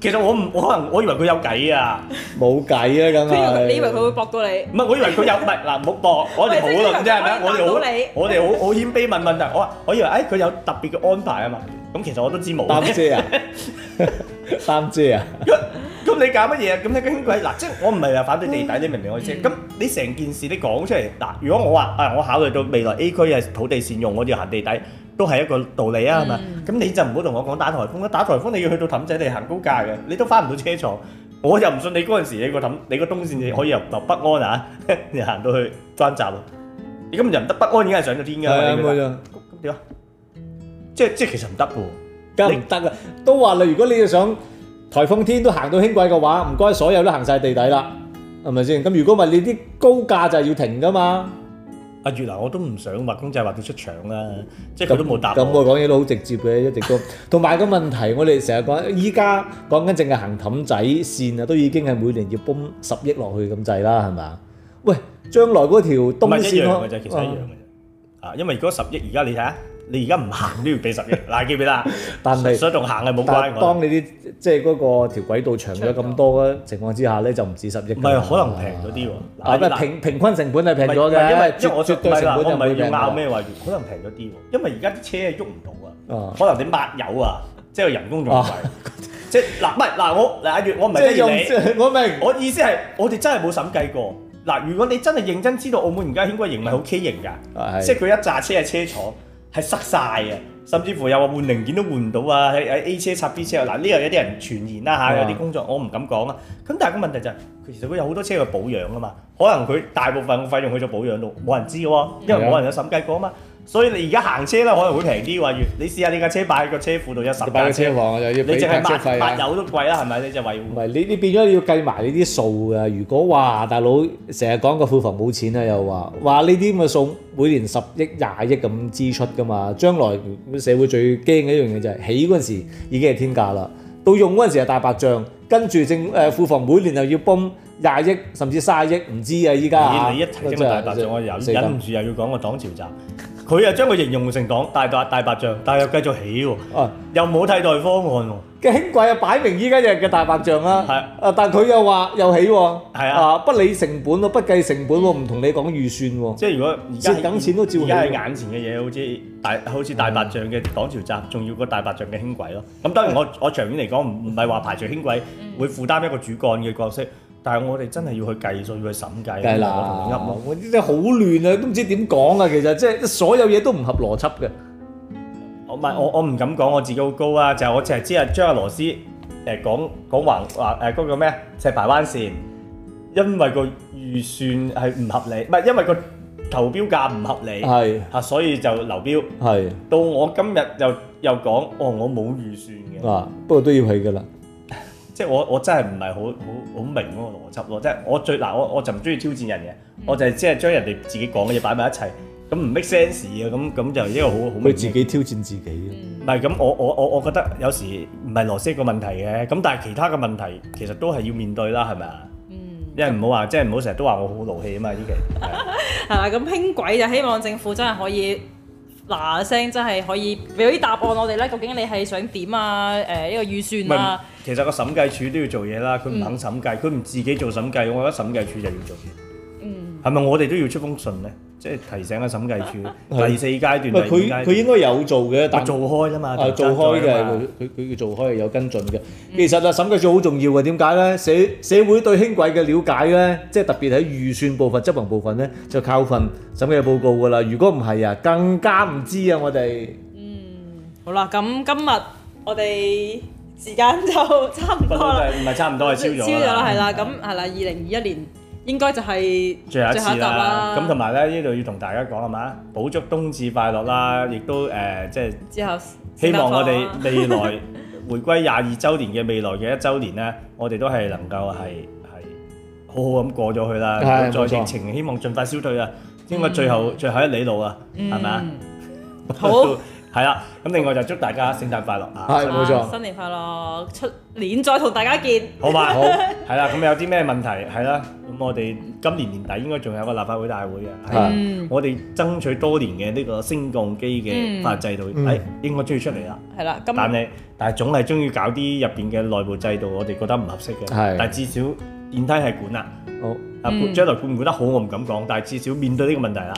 其實我唔，我可能我以為佢有計啊，冇計啊咁啊！你以為佢會搏到你？唔係，我以為佢有，唔係嗱，冇搏，我哋好啦，咁啫係咩？我哋我哋好好謙卑問問題，我話我以為誒佢有特別嘅安排啊嘛，咁其實我都知冇嘅。三姐啊，三姐啊，咁你搞乜嘢啊？咁你兄弟嗱，即係我唔係話反對地底，你明唔明我意思？咁你成件事你講出嚟嗱，如果我話啊，我考慮到未來 A 區係土地善用，我要行地底。都係一個道理啊，係嘛？咁你就唔好同我講打台風啦，打台風你要去到氹仔你行高架嘅，你都翻唔到車廠。我又唔信你嗰陣時你個氹你個東線你可以入到北安啊，你行到去關閘咯。你今日唔得北安已經係上咗天㗎啦。係啊，冇錯。點啊？即係即係其實唔得喎，梗係唔得啦。都話啦，如果你要想台風天都行到輕軌嘅話，唔該所有都行曬地底啦，係咪先？咁如果唔係，你啲高架就係要停㗎嘛。月樓我都唔想，畫公仔畫出腸啦，即係佢都冇答。咁我講嘢都好直接嘅，一直都。同埋個問題，我哋成日講，依家講緊淨係行氹仔線啊，都已經係每年要泵十億落去咁滯啦，係咪？喂，將來嗰條東線，唔係一樣嘅就係其實一樣嘅。啊，因為嗰十億而家你睇下。你而家唔行都要俾十億，嗱，記唔記得？但係所仲行係冇關。當你啲即係嗰個條軌道長咗咁多嘅情況之下咧，就唔止十億。唔係可能平咗啲喎。嗱，平平均成本係平咗嘅。因為我絕對成本就唔會拗咩話。可能平咗啲喎，因為而家啲車喐唔到啊。可能你抹油啊，即係人工仲貴。即係嗱，唔係嗱我嗱阿月，我唔係聽你。我明。我意思係我哋真係冇審計過。嗱，如果你真係認真知道澳門而家應該型唔係好畸形㗎，即係佢一扎車係車廠。係塞晒嘅，甚至乎又話換零件都換唔到啊！喺 A 車插 B 車，嗱呢又有啲人傳言啦嚇，有啲工作我唔敢講啊。咁但係個問題就係，佢其實佢有好多車去保養啊嘛，可能佢大部分嘅費用去咗保養度，冇人知嘅喎，因為冇人有審計過啊嘛。所以你而家行車咧可能會平啲喎，越你試下你車車架車擺喺個車庫度有十間車房啊，又要俾間車費啊！你淨係油都貴啦，係咪你即係維護唔係你你變咗要計埋你啲數啊！如果哇大佬成日講個庫房冇錢啊，又話話呢啲咁嘅數每年十億廿億咁支出噶嘛？將來社會最驚嘅一樣嘢就係、是、起嗰陣時已經係天價啦，到用嗰陣時係大白象，跟住正誒庫房每年又要泵廿億甚至卅億，唔知啊！依家你，你一提即係大白象啊，又忍唔住又要講個黨潮集。佢又將佢形容成港大大大白象，但係又繼續起喎，又冇替代方案喎。嘅輕軌啊，啊又擺明依家就係嘅大白象啦。係啊，但係佢又話又起喎，啊，啊，不理成本都不計成本喎，唔同、嗯、你講預算喎。即係如果而家等錢都照計眼前嘅嘢，好似大好似大白象嘅港潮站，仲要個大白象嘅輕軌咯。咁當然我我長遠嚟講唔唔係話排除輕軌會負擔一個主幹嘅角色。但係我哋真係要去計數，要去審計啊！我同你噏咯，我即係好亂啊，都唔知點講啊！其實即係所有嘢都唔合邏輯嘅。我唔係我我唔敢講，我自己好高啊！就係我淨係知啊張阿羅斯誒講講橫橫誒嗰個咩啊石排灣線，因為個預算係唔合理，唔係因為個投標價唔合理係嚇，所以就流標。係到我今日又又講，哦我冇預算嘅。啊，不過都要去噶啦。即係我我真係唔係好好好明嗰個邏輯咯，即係我最嗱、啊、我我就唔中意挑戰人嘅，我就係即係將人哋、嗯、自己講嘅嘢擺埋一齊，咁唔 make sense 啊，咁咁就一個好好。佢自己挑戰自己。唔係咁，我我我我覺得有時唔係邏輯個問題嘅，咁但係其他嘅問題其實都係要面對啦，係咪啊？嗯。因為唔好話，即係唔好成日都話我好勞氣啊嘛，呢期 對。係嘛？咁輕軌就希望政府真係可以。嗱聲真係可以俾啲答案我哋咧，究竟你係想點啊？誒、呃、呢個預算啊，其實個審計署都要做嘢啦，佢唔肯審計，佢唔自己做審計，我覺得審計處就要做嘢。嗯，係咪我哋都要出封信咧？即係提醒啊，審計署第四階段，佢佢應該有做嘅，但係做開啫嘛，做開嘅佢佢佢要做開有跟進嘅。其實就，審計署好重要嘅，點解咧？社社會對輕軌嘅瞭解咧，即係特別喺預算部分、執行部分咧，就靠份審計報告㗎啦。如果唔係啊，更加唔知啊，我哋。嗯，好啦，咁今日我哋時間就差唔多啦。唔係差唔多係，超咗，超咗啦，係啦，咁係啦，二零二一年，應該就係最後一次啦，咁同埋咧呢度要同大家講係嘛，保祝冬至快樂啦，亦都誒即係，呃之後、希望我哋未來 回歸廿二周年嘅未來嘅一周年呢，我哋都係能夠係係好好咁過咗去啦，的再疫情錯希望盡快消退啊，應該最後、嗯、最後一里路啊，係咪啊？嗯 係啦，咁另外就祝大家聖誕快樂啊！係冇錯，新年快樂，出年再同大家見。好嘛，好。係啦，咁有啲咩問題？係啦，咁我哋今年年底應該仲有個立法會大會啊，我哋爭取多年嘅呢個升降機嘅法律制度，係應該終於出嚟啦。係啦，但係但係總係鍾意搞啲入邊嘅內部制度，我哋覺得唔合適嘅。但係至少電梯係管啦。好，啊將來管唔管得好，我唔敢講，但係至少面對呢個問題啦。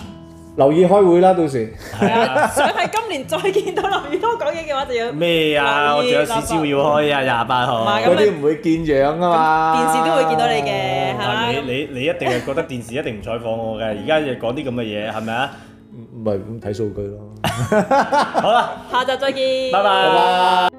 留意開會啦，到時。係啊，想喺今年再見到劉宇通講嘢嘅話，就要咩啊？我仲有司照要開啊，廿八號嗰啲唔會見樣啊嘛。電視都會見到你嘅嚇。你你你一定係覺得電視一定唔採訪我嘅，而家又講啲咁嘅嘢，係咪啊？唔係咁睇數據咯。好啦，下集再見。拜拜。